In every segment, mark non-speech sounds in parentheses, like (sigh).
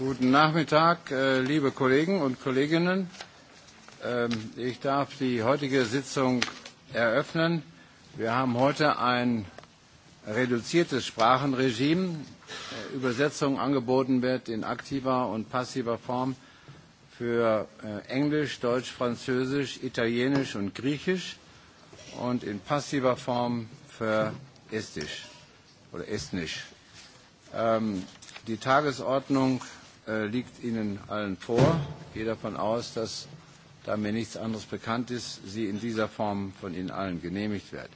Guten Nachmittag, äh, liebe Kollegen und Kolleginnen. Ähm, ich darf die heutige Sitzung eröffnen. Wir haben heute ein reduziertes Sprachenregime. Äh, Übersetzung angeboten wird in aktiver und passiver Form für äh, Englisch, Deutsch, Französisch, Italienisch und Griechisch und in passiver Form für Estisch oder Estnisch. Ähm, die Tagesordnung Äh, liegt Ihnen allen vor. Ich gehe davon aus, dass, da mir nichts anderes bekannt ist, sie in dieser Form von Ihnen allen genehmigt wird.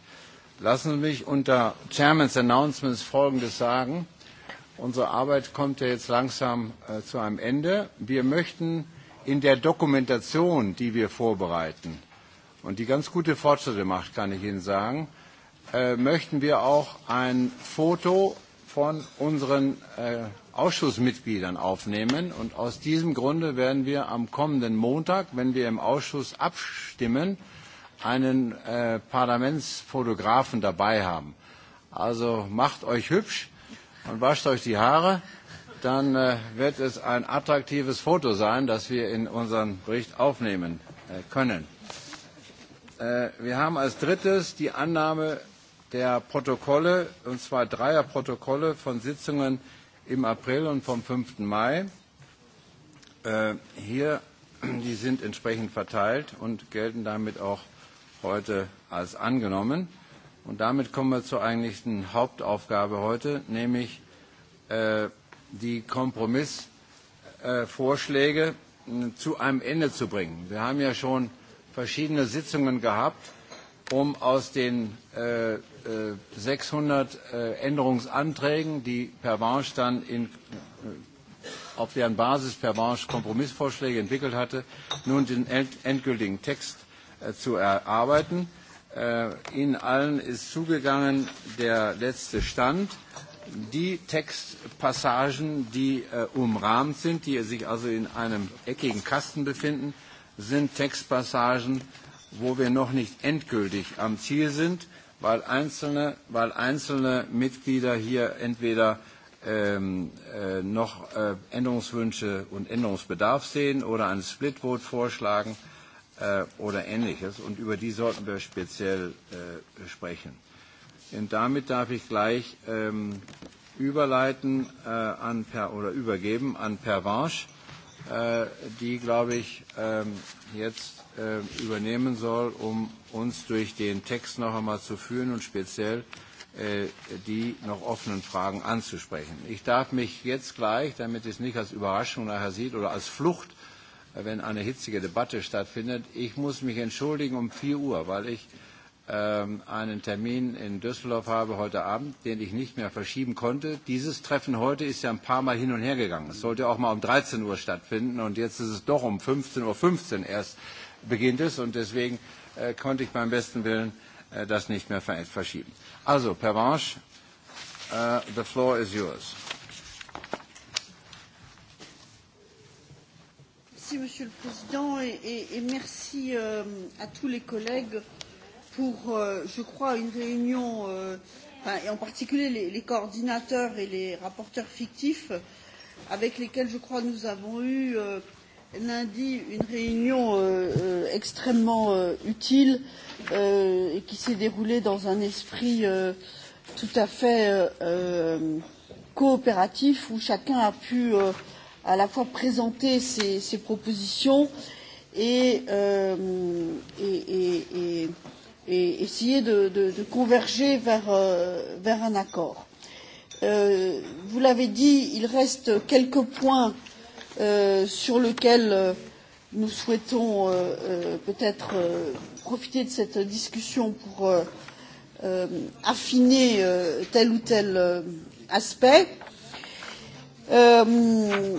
Lassen Sie mich unter Chairmans Announcements Folgendes sagen. Unsere Arbeit kommt ja jetzt langsam äh, zu einem Ende. Wir möchten in der Dokumentation, die wir vorbereiten und die ganz gute Fortschritte macht, kann ich Ihnen sagen, äh, möchten wir auch ein Foto von unseren äh, Ausschussmitgliedern aufnehmen. Und aus diesem Grunde werden wir am kommenden Montag, wenn wir im Ausschuss abstimmen, einen äh, Parlamentsfotografen dabei haben. Also macht euch hübsch und wascht euch die Haare. Dann äh, wird es ein attraktives Foto sein, das wir in unseren Bericht aufnehmen äh, können. Äh, wir haben als drittes die Annahme der Protokolle, und zwar dreier Protokolle von Sitzungen im April und vom 5. Mai. Äh, hier, die sind entsprechend verteilt und gelten damit auch heute als angenommen. Und damit kommen wir zur eigentlichen Hauptaufgabe heute, nämlich äh, die Kompromissvorschläge äh, äh, zu einem Ende zu bringen. Wir haben ja schon verschiedene Sitzungen gehabt, um aus den 600 äh, äh, äh, Änderungsanträgen, die per Pervanche dann in, auf deren Basis per Pervanche Kompromissvorschläge entwickelt hatte, nun den endgültigen Text zu erarbeiten. Ihnen allen ist zugegangen der letzte Stand. Die Textpassagen, die äh, umrahmt sind, die sich also in einem eckigen Kasten befinden, sind Textpassagen, wo wir noch nicht endgültig am Ziel sind weil einzelne, weil einzelne Mitglieder hier entweder ähm, äh, noch äh, Änderungswünsche und Änderungsbedarf sehen oder einen Split vorschlagen äh, oder ähnliches. Und über die sollten wir speziell äh, sprechen. Und damit darf ich gleich ähm, überleiten äh, an per, oder übergeben an Per Pervanche Äh, die, glaube ich, ähm, jetzt äh, übernehmen soll, um uns durch den Text noch einmal zu führen und speziell äh, die noch offenen Fragen anzusprechen. Ich darf mich jetzt gleich, damit es nicht als Überraschung nachher sieht oder als Flucht, wenn eine hitzige Debatte stattfindet, ich muss mich entschuldigen um 4 Uhr, weil ich Ähm, einen Termin in Düsseldorf habe heute Abend, den ich nicht mehr verschieben konnte. Dieses Treffen heute ist ja ein paar Mal hin und her gegangen. Es sollte auch mal um 13 Uhr stattfinden und jetzt ist es doch um 15.15 Uhr erst beginnt es und deswegen äh, konnte ich beim besten Willen äh, das nicht mehr verschieben. Also, Pervenche, uh, the floor is yours. Merci, Monsieur le Président, et, et, merci euh, à tous les collègues pour, euh, je crois, une réunion, euh, enfin, et en particulier les, les coordinateurs et les rapporteurs fictifs, avec lesquels, je crois, nous avons eu euh, lundi une réunion euh, euh, extrêmement euh, utile euh, et qui s'est déroulée dans un esprit euh, tout à fait euh, euh coopératif où chacun a pu euh, à la fois présenter ses, ses propositions et, euh, et, et, et et essayer de, de, de converger vers, euh, vers un accord. Euh, vous l'avez dit, il reste quelques points euh, sur lesquels euh, nous souhaitons euh, euh, peut-être euh, profiter de cette discussion pour euh, euh, affiner euh, tel ou tel euh, aspect. Euh,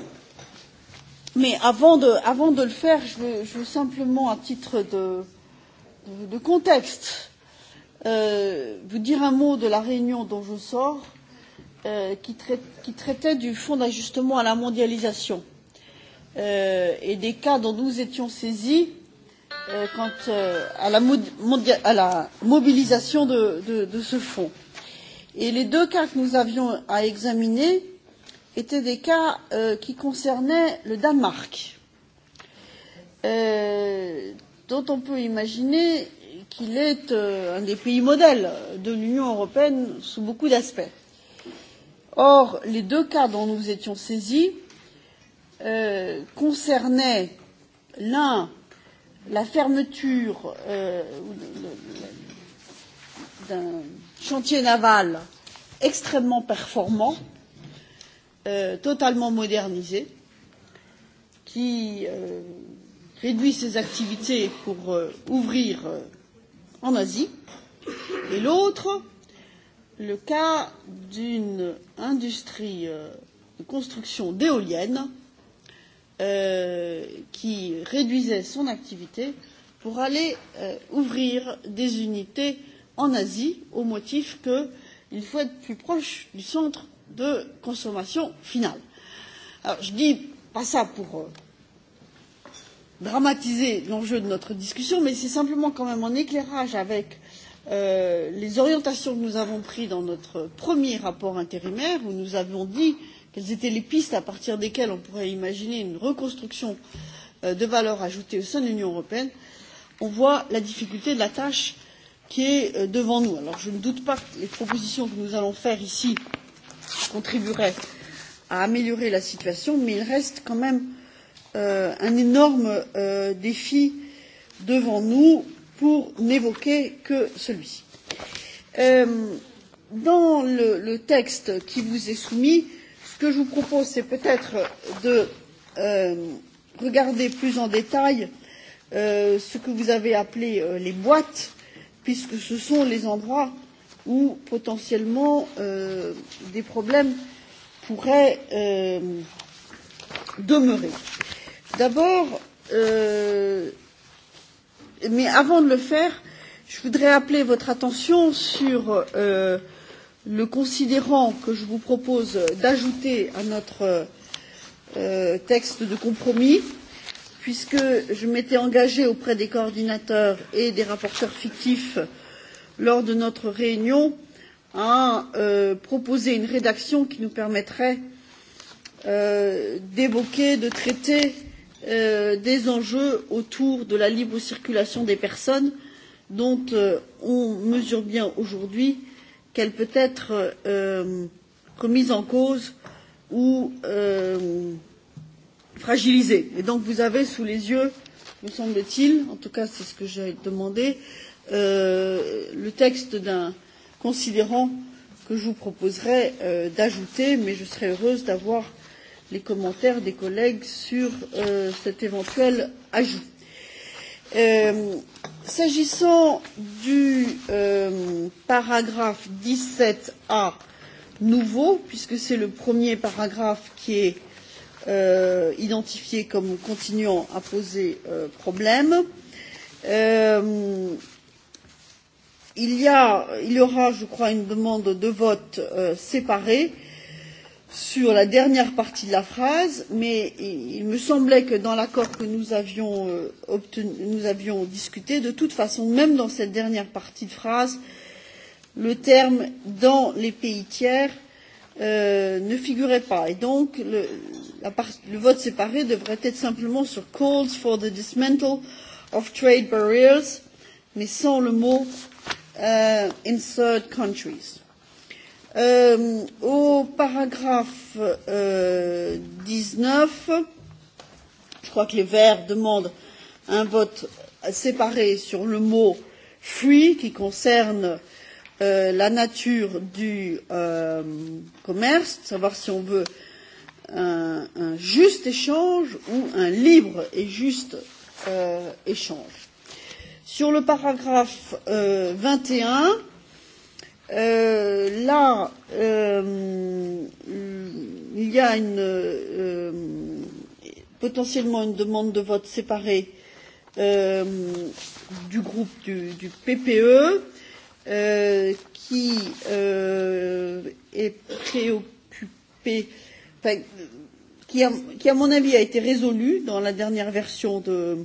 mais avant de, avant de le faire, je veux, je veux simplement, à titre de, Euh, de contexte euh, vous dire un mot de la réunion dont je sors euh, qui, traitait du fonds d'ajustement à la mondialisation et des cas dont nous étions saisis quant à, la à la mobilisation de, de, de ce fonds. Et les deux cas que nous avions à examiner étaient des cas euh, qui concernaient le Danemark. Euh, dont on peut imaginer qu'il est euh, un des pays modèles de l'Union européenne sous beaucoup d'aspects. Or, les deux cas dont nous étions saisis euh, concernaient l'un la fermeture euh, d'un chantier naval extrêmement performant, euh, totalement modernisé, qui euh, réduit ses activités pour euh, ouvrir euh, en Asie, et l'autre, le cas d'une industrie euh, de construction d'éoliennes euh, qui réduisait son activité pour aller euh, ouvrir des unités en Asie au motif qu'il faut être plus proche du centre de consommation finale. Alors, je dis pas ça pour euh, dramatiser l'enjeu de notre discussion, mais c'est simplement quand même en éclairage avec euh, les orientations que nous avons prises dans notre premier rapport intérimaire, où nous avons dit quelles étaient les pistes à partir desquelles on pourrait imaginer une reconstruction euh, de valeur ajoutée au sein de l'Union européenne, on voit la difficulté de la tâche qui est euh, devant nous. Alors je ne doute pas que les propositions que nous allons faire ici contribueraient à améliorer la situation, mais il reste quand même euh, un énorme euh, défi devant nous pour n'évoquer que celui ci. Euh, dans le, le texte qui vous est soumis ce que je vous propose c'est peut être de euh, regarder plus en détail euh, ce que vous avez appelé euh, les boîtes puisque ce sont les endroits où potentiellement euh, des problèmes pourraient euh, demeurer. Euh, D'abord, euh, mais avant de le faire, je voudrais appeler votre attention sur euh, le considérant que je vous propose d'ajouter à notre euh, texte de compromis, puisque je m'étais engagée auprès des coordinateurs et des rapporteurs fictifs lors de notre réunion à euh, proposer une rédaction qui nous permettrait euh, d'évoquer, de traiter euh, Euh, des enjeux autour de la libre circulation des personnes dont euh, on mesure bien aujourd'hui qu'elle peut être euh, remise en cause ou euh, fragilisée. Et donc vous avez sous les yeux, me semble-t-il, en tout cas c'est ce que j'ai demandé, euh, le texte d'un considérant que je vous proposerai euh, d'ajouter, mais je serais heureuse d'avoir les commentaires des collègues sur euh, cet éventuel ajout. Euh, S'agissant du euh, paragraphe 17A nouveau, puisque c'est le premier paragraphe qui est euh, identifié comme continuant à poser euh, problème, euh, il, y a, il y aura, je crois, une demande de vote euh, séparée euh, sur la dernière partie de la phrase, mais il me semblait que dans l'accord que nous avions, euh, obtenu, nous avions discuté, de toute façon, même dans cette dernière partie de phrase, le terme dans les pays tiers euh, ne figurait pas. Et donc, le, la part, le vote séparé devrait être simplement sur calls for the dismantle of trade barriers, mais sans le mot euh, in third countries. Euh, au paragraphe euh, 19, je crois que les Verts demandent un vote séparé sur le mot fuit qui concerne euh, la nature du euh, commerce, savoir si on veut un, un juste échange ou un libre et juste euh, échange. Sur le paragraphe euh, 21, Euh, là, euh, il y a une, euh, potentiellement une demande de vote séparée euh, du groupe du, du PPE euh, qui euh, est préoccupé, enfin, qui, a, qui, à mon avis, a été résolu dans la dernière version de,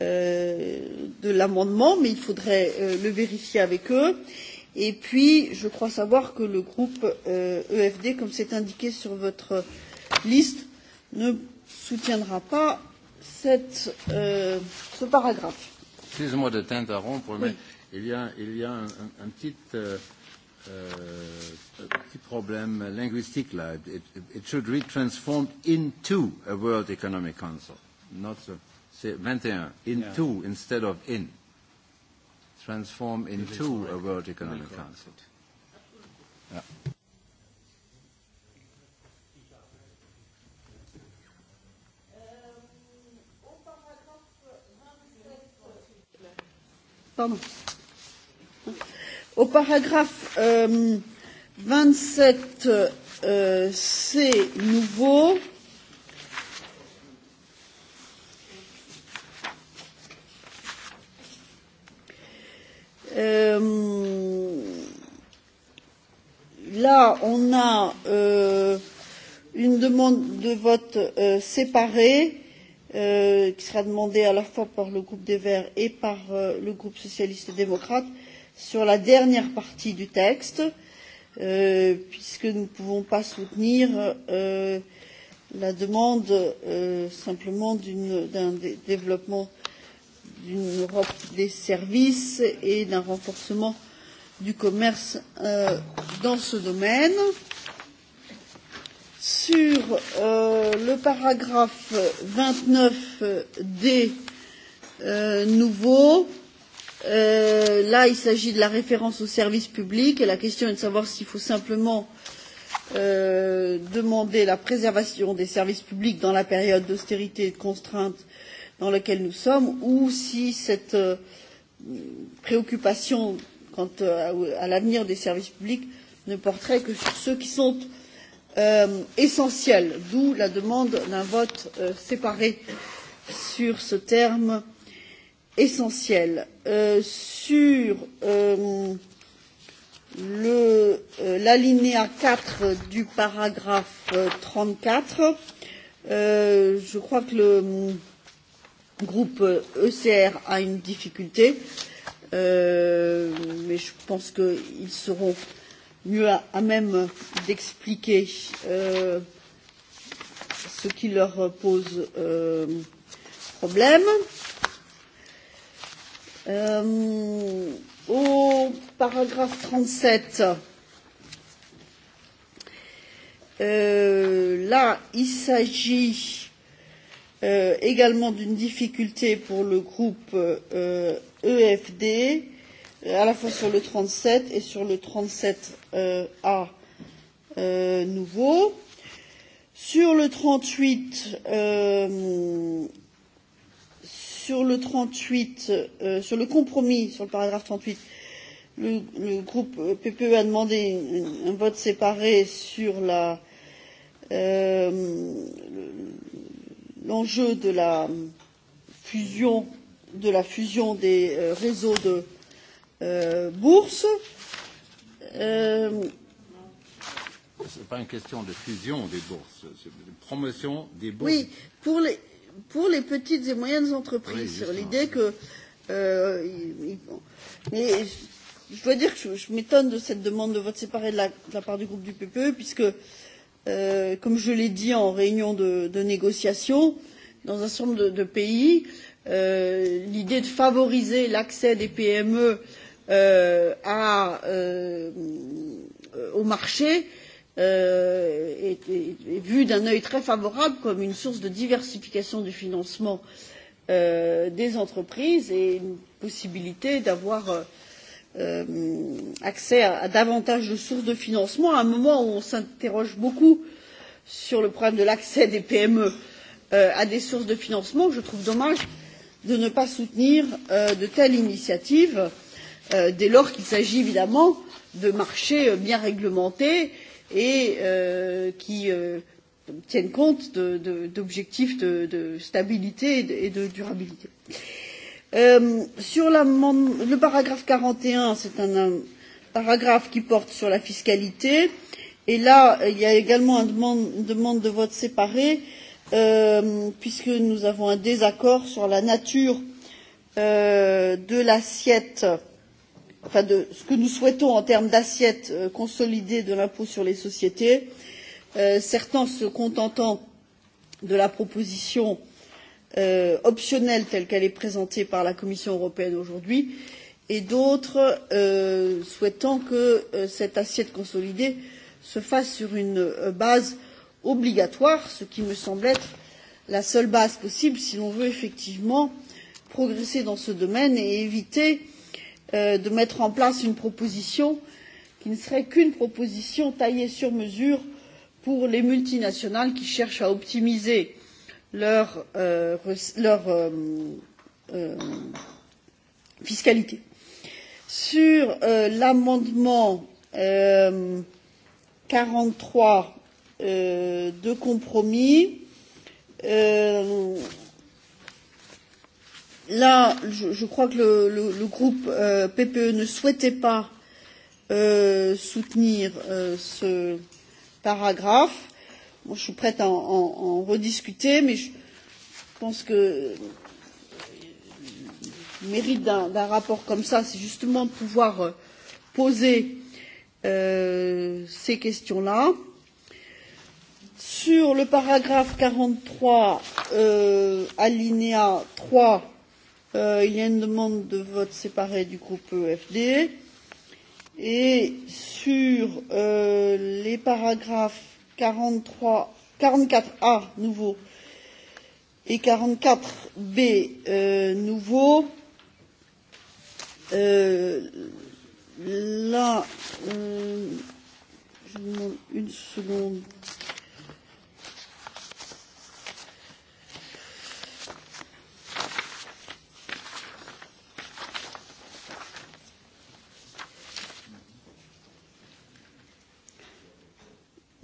euh, de l'amendement, mais il faudrait euh, le vérifier avec eux. Euh, Et puis, je crois savoir que le groupe euh, EFD, comme c'est indiqué sur votre liste, ne soutiendra pas cette, euh, ce paragraphe. Excusez-moi de t'interrompre, oui. mais il y a, il y a un, un, un petit. Euh, euh, petit problème linguistique là. It, it, it should read transformed into a World Economic Council. Not so, c'est 21. Into yeah. instead of in transform into a World Economic Council. Yeah. Pardon. Um, au paragraphe euh, 27, euh, c'est nouveau. Euh, on a euh, une demande de vote euh, séparée euh, qui sera demandée à la fois par le groupe des Verts et par euh, le groupe socialiste et démocrate sur la dernière partie du texte, euh, puisque nous ne pouvons pas soutenir euh, la demande euh, simplement d'un développement d'une Europe des services et d'un renforcement euh, du commerce euh, dans ce domaine. Sur euh, le paragraphe 29D euh, nouveau, euh, là il s'agit de la référence au service public et la question est de savoir s'il faut simplement euh, demander la préservation des services publics dans la période d'austérité et de contrainte dans laquelle nous sommes ou si cette euh, préoccupation quant euh, à, l'avenir des services publics ne porterait que sur ceux qui sont euh, essentiels, d'où la demande d'un vote euh, séparé sur ce terme essentiel. Euh, sur euh, euh l'alinéa quatre du paragraphe euh, trente quatre euh, je crois que le groupe ecr e a une difficulté. Euh, Euh, mais je pense qu'ils seront mieux à, à même d'expliquer euh, ce qui leur pose euh, problème. Euh, au paragraphe 37, euh, là, il s'agit euh, également d'une difficulté pour le groupe euh, EFD, à la fois sur le 37 et sur le 37A euh, euh, nouveau. Sur le 38, euh, sur le 38, euh, sur le compromis, sur le paragraphe 38, le, le groupe euh, PPE a demandé un, un vote séparé sur la euh, l'enjeu de la fusion de la fusion des euh, réseaux de euh, bourses. Euh... Ce n'est pas une question de fusion des bourses, c'est de promotion des bourses. Oui, pour les, pour les petites et moyennes entreprises, oui, l'idée que. Euh, y, y, mais je dois dire que je, je m'étonne de cette demande de vote séparé de la, de la part du groupe du PPE, puisque, euh, comme je l'ai dit en réunion de, de négociation, dans un certain nombre de, de pays, euh, Euh, l'idée de favoriser l'accès des PME euh, à, euh, au marché euh, est, est, est vue d'un œil très favorable comme une source de diversification du financement euh, des entreprises et une possibilité d'avoir euh, euh accès à, à davantage de sources de financement à un moment où on s'interroge beaucoup sur le problème de l'accès des PME euh, à des sources de financement. Je trouve dommage euh, de ne pas soutenir euh, de telles initiatives euh, dès lors qu'il s'agit évidemment de marchés euh, bien réglementés et qui tiennent compte d'objectifs de, de, de, de stabilité et de, et de durabilité. sur le paragraphe 41, c'est un, un paragraphe qui porte sur la fiscalité et là il y a également une demande, une demande de vote séparé euh, Euh, puisque nous avons un désaccord sur la nature euh, de l'assiette enfin de ce que nous souhaitons en termes d'assiette euh, consolidée de l'impôt sur les sociétés euh, certains se contentant de la proposition euh, optionnelle telle qu'elle est présentée par la commission européenne aujourd'hui et d'autres euh, souhaitant que euh, cette assiette consolidée se fasse sur une euh, base euh, obligatoire, ce qui me semble être la seule base possible si l'on veut effectivement progresser dans ce domaine et éviter euh, de mettre en place une proposition qui ne serait qu'une proposition taillée sur mesure pour les multinationales qui cherchent à optimiser leur, euh, leur euh, euh, fiscalité. Sur euh, l'amendement euh, 43 euh, de compromis. Euh, là, je, je crois que le, le, le groupe euh, PPE ne souhaitait pas euh, soutenir euh, ce paragraphe. Moi, je suis prête à en, en, en rediscuter, mais je pense que le euh, mérite d'un rapport comme ça, c'est justement de pouvoir euh, poser euh, ces questions-là. Sur le paragraphe 43, euh, alinéa 3, euh, il y a une demande de vote séparé du groupe EFD. Et sur euh, les paragraphes 43, 44A nouveau et 44B euh, nouveau, euh, là, euh, je demande une seconde.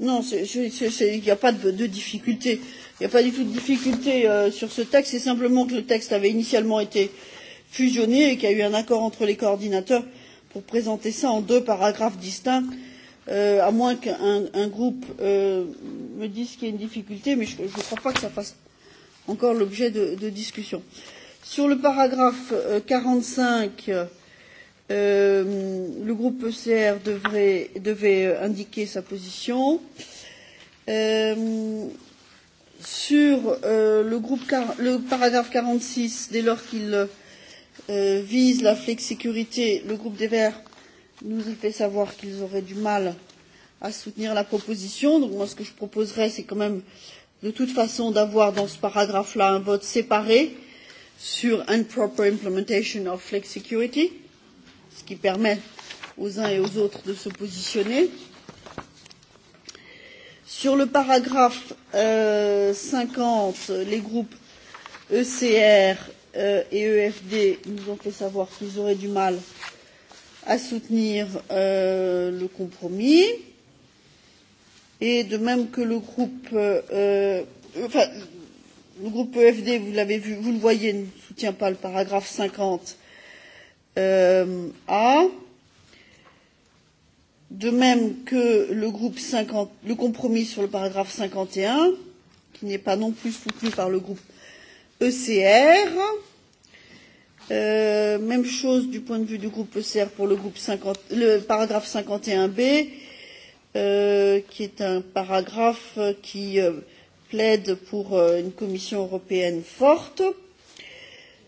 Non, il n'y a pas de, de difficulté. Il n'y a pas du tout de difficulté euh, sur ce texte. C'est simplement que le texte avait initialement été fusionné et qu'il y a eu un accord entre les coordinateurs pour présenter ça en deux paragraphes distincts, euh, à moins qu'un un groupe euh, me dise qu'il y a une difficulté, mais je ne crois pas que ça fasse encore l'objet de, de discussion. Sur le paragraphe euh, 45, Euh, Euh, le groupe ECR devrait, devait indiquer sa position. Euh, sur euh, le, groupe, le paragraphe 46, dès lors qu'il euh, vise la flexicurité, le groupe des Verts nous a fait savoir qu'ils auraient du mal à soutenir la proposition. Donc moi, ce que je proposerais, c'est quand même de toute façon d'avoir dans ce paragraphe-là un vote séparé sur improper implementation of flexicurity. Euh, ce qui permet aux uns et aux autres de se positionner. Sur le paragraphe euh, 50, les groupes ECR euh, et EFD nous ont fait savoir qu'ils auraient du mal à soutenir euh, le compromis. Et de même que le groupe, euh, enfin, le groupe EFD, vous l'avez vu, vous le voyez, ne soutient pas le paragraphe 50 euh, A, de même que le, groupe 50, le compromis sur le paragraphe 51, qui n'est pas non plus soutenu par le groupe ECR. Euh, même chose du point de vue du groupe ECR pour le, groupe 50, le paragraphe 51B, euh, qui est un paragraphe qui euh, plaide pour euh, une Commission européenne forte.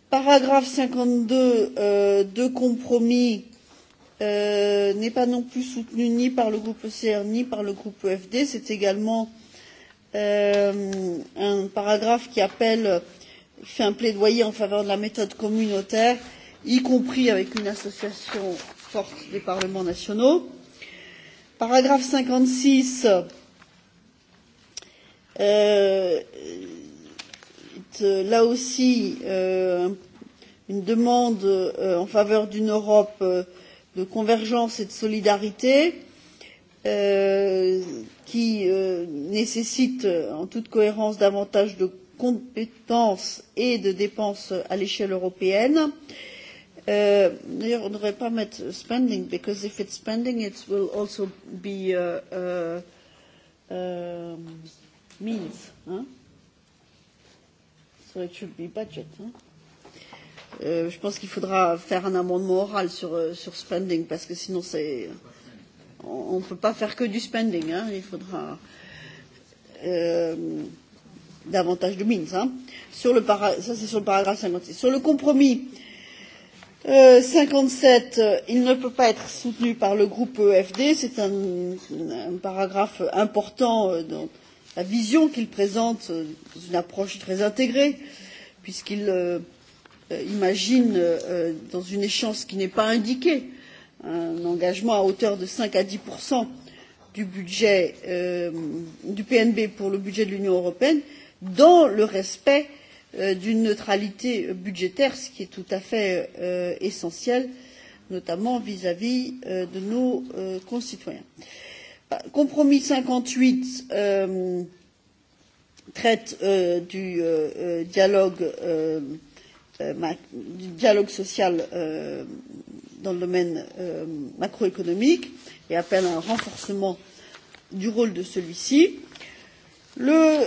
Paragraphe 52 euh, de compromis euh, n'est pas non plus soutenu ni par le groupe ECR ni par le groupe EFD. C'est également euh, un paragraphe qui appelle, fait un plaidoyer en faveur de la méthode communautaire, y compris avec une association forte des parlements nationaux. Paragraphe 56. Euh, Euh, là aussi euh, une demande euh, en faveur d'une Europe euh, de convergence et de solidarité euh, qui euh, nécessite en toute cohérence davantage de compétences et de dépenses à l'échelle européenne. Uh, d'ailleurs, on ne devrait pas mettre spending, because if it's spending, it will also be uh, uh, means. Hein? so it should be budget. Hein euh, je pense qu'il faudra faire un amendement oral sur, euh, sur spending parce que sinon c'est on ne peut pas faire que du spending. Hein. Il faudra euh, davantage de mines. Hein. Sur le para... Ça, c'est sur le paragraphe 56. Sur le compromis euh, 57, il ne peut pas être soutenu par le groupe EFD. C'est un, un paragraphe important euh, dans, la vision qu'il présente euh, dans une approche très intégrée puisqu'il euh, euh imagine euh, euh, dans une échéance qui n'est pas indiquée un engagement à hauteur de 5 à 10 du budget euh, du PNB pour le budget de l'Union européenne dans le respect euh, d'une neutralité budgétaire, ce qui est tout à fait euh, essentiel, notamment vis-à-vis -vis, euh, de nos euh, concitoyens. Euh, compromis cinquante huit euh, traite euh, du, euh, euh dialogue, euh, euh du dialogue social euh, dans le domaine euh, macroéconomique et appelle à un renforcement du rôle de celui ci. Le,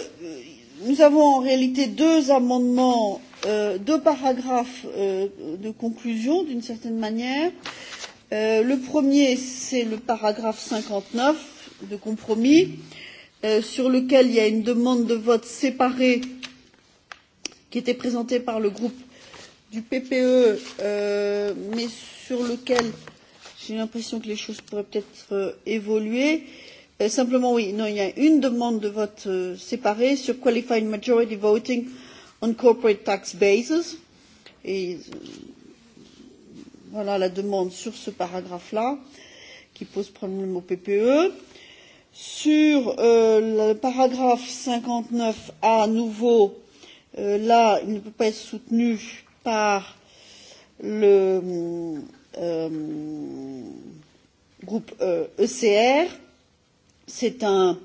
nous avons en réalité deux amendements, euh, deux paragraphes euh, de conclusion d'une certaine manière. Euh, Euh, le premier, c'est le paragraphe 59 de compromis, euh, sur lequel il y a une demande de vote séparée qui était présentée par le groupe du PPE, euh, mais sur lequel j'ai l'impression que les choses pourraient peut-être euh, évoluer. Euh, simplement, oui, non, il y a une demande de vote euh, séparée sur Qualified Majority Voting on Corporate Tax Bases. Et euh, Voilà la demande sur ce paragraphe-là qui pose problème au PPE. Sur euh, le paragraphe 59 à nouveau, euh, là, il ne peut pas être soutenu par le euh, groupe euh, ECR. C'est un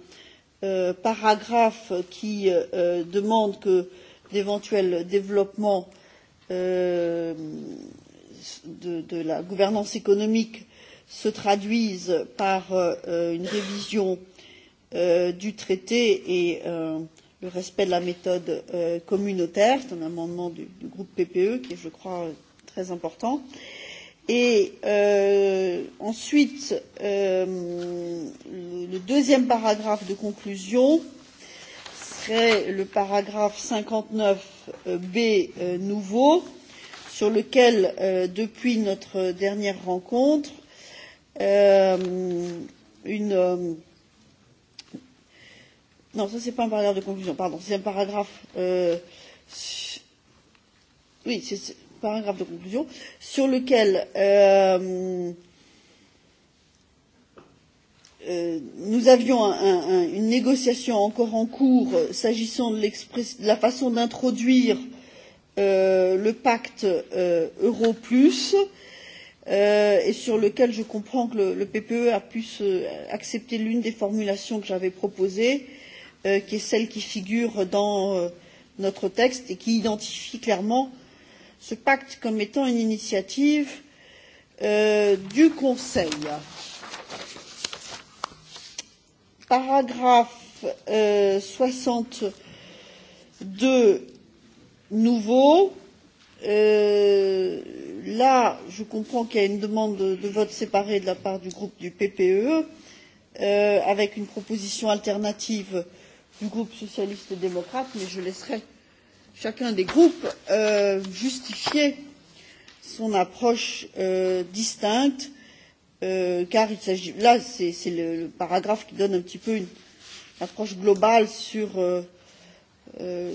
euh, paragraphe qui euh, demande que d'éventuels développements euh, de, de la gouvernance économique se traduisent par euh, une révision euh, du traité et euh, le respect de la méthode euh, communautaire. C'est un amendement du, du groupe PPE qui est, je crois, très important. Et euh, ensuite, euh, le, deuxième paragraphe de conclusion serait le paragraphe 59 euh, B euh, nouveau. Euh, sur lequel, euh, depuis notre dernière rencontre, euh, une. Euh, non, ça c'est pas un paragraphe de conclusion, pardon, c'est un paragraphe. Euh, Oui, c'est un paragraphe de conclusion sur lequel. Euh, euh, nous avions un, un, une négociation encore en cours euh, s'agissant de, de la façon d'introduire euh, Euh, le pacte euh, euro plus euh, et sur lequel je comprends que le, le PPE a pu se, accepter l'une des formulations que j'avais proposées, euh, qui est celle qui figure dans euh, notre texte et qui identifie clairement ce pacte comme étant une initiative euh, du Conseil. Paragraphe euh, 62 nouveau. Euh, là, je comprends qu'il y a une demande de, de vote séparé de la part du groupe du PPE, euh, avec une proposition alternative du groupe socialiste et démocrate, mais je laisserai chacun des groupes euh, justifier son approche euh, distincte, euh, car il s'agit là c'est le, le paragraphe qui donne un petit peu une approche globale sur euh, euh,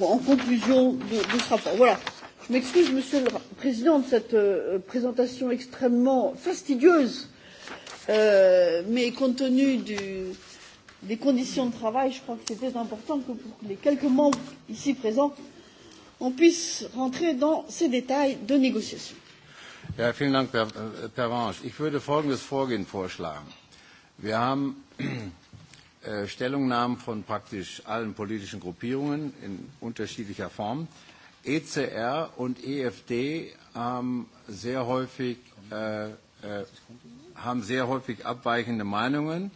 en, en conclusion de, de ce rapport. Voilà. Je m'excuse, Monsieur le Président, de cette euh, présentation extrêmement fastidieuse, euh, mais compte tenu du, des conditions de travail, je crois que c'était important que pour les quelques membres ici présents, on puisse rentrer dans ces détails de négociation. Ja, vielen Dank, Herr Pervenche. Ich würde folgendes Vorgehen vorschlagen. Wir haben Äh, Stellungnahmen von praktisch allen politischen Gruppierungen in unterschiedlicher Form. ECR und EFD haben sehr häufig, äh, äh, haben sehr häufig abweichende Meinungen,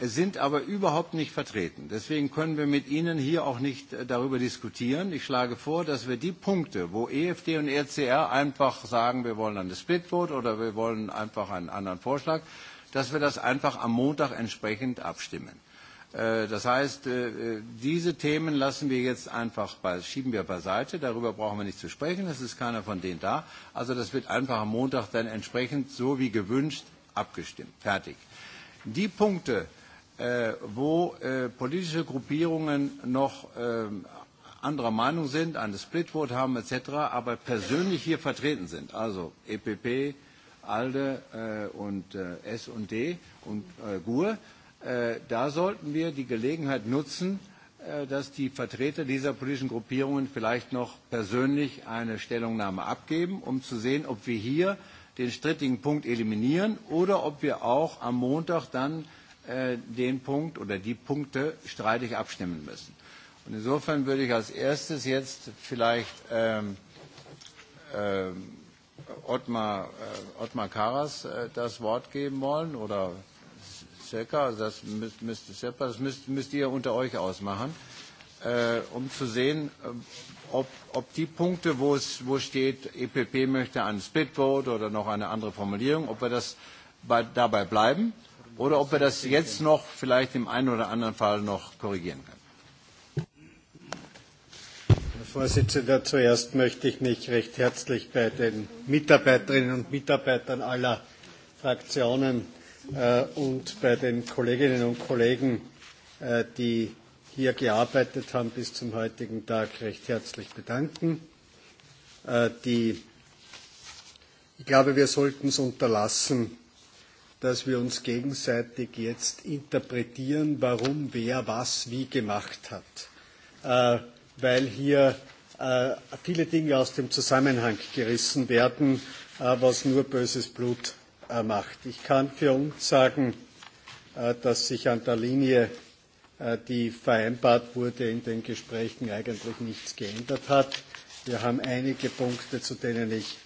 äh, sind aber überhaupt nicht vertreten. Deswegen können wir mit Ihnen hier auch nicht äh, darüber diskutieren. Ich schlage vor, dass wir die Punkte, wo EFD und ECR einfach sagen, wir wollen eine Split Vote oder wir wollen einfach einen anderen Vorschlag, dass wir das einfach am Montag entsprechend abstimmen. Äh, das heißt, äh, äh, diese Themen lassen wir jetzt einfach bei, schieben wir beiseite. Darüber brauchen wir nicht zu sprechen. Es ist keiner von denen da. Also das wird einfach am Montag dann entsprechend so wie gewünscht abgestimmt. Fertig. Die Punkte, wo politische Gruppierungen noch anderer Meinung sind, eine Splitvote haben etc., aber persönlich hier vertreten sind, also EPP, ALDE und D und GUE, Äh, da sollten wir die Gelegenheit nutzen, äh, dass die Vertreter dieser politischen Gruppierungen vielleicht noch persönlich eine Stellungnahme abgeben, um zu sehen, ob wir hier den strittigen Punkt eliminieren oder ob wir auch am Montag dann äh, den Punkt oder die Punkte streitig abstimmen müssen. Und insofern würde ich als erstes jetzt vielleicht ähm, ähm, Ottmar, äh, Ottmar Karas äh, das Wort geben wollen oder circa, das müsst, müsst, circa, das müsst, müsst ihr unter euch ausmachen, äh, um zu sehen, äh, ob, ob die Punkte, wo es wo steht, EPP möchte einen Splitvote oder noch eine andere Formulierung, ob wir das bei, dabei bleiben oder ob wir das jetzt noch vielleicht im einen oder anderen Fall noch korrigieren können. Herr Vorsitzender, zuerst möchte ich mich recht herzlich bei den Mitarbeiterinnen und Mitarbeitern aller Fraktionen Äh, und bei den Kolleginnen und Kollegen, äh, die hier gearbeitet haben bis zum heutigen Tag, recht herzlich bedanken. Äh, die, ich glaube, wir sollten es unterlassen, dass wir uns gegenseitig jetzt interpretieren, warum wer was wie gemacht hat, weil hier viele Dinge aus dem Zusammenhang gerissen werden, was nur böses Blut macht. Ich kann für uns sagen, äh, dass sich an der Linie, äh, die vereinbart wurde, in den Gesprächen eigentlich nichts geändert hat. Wir haben einige Punkte, zu denen ich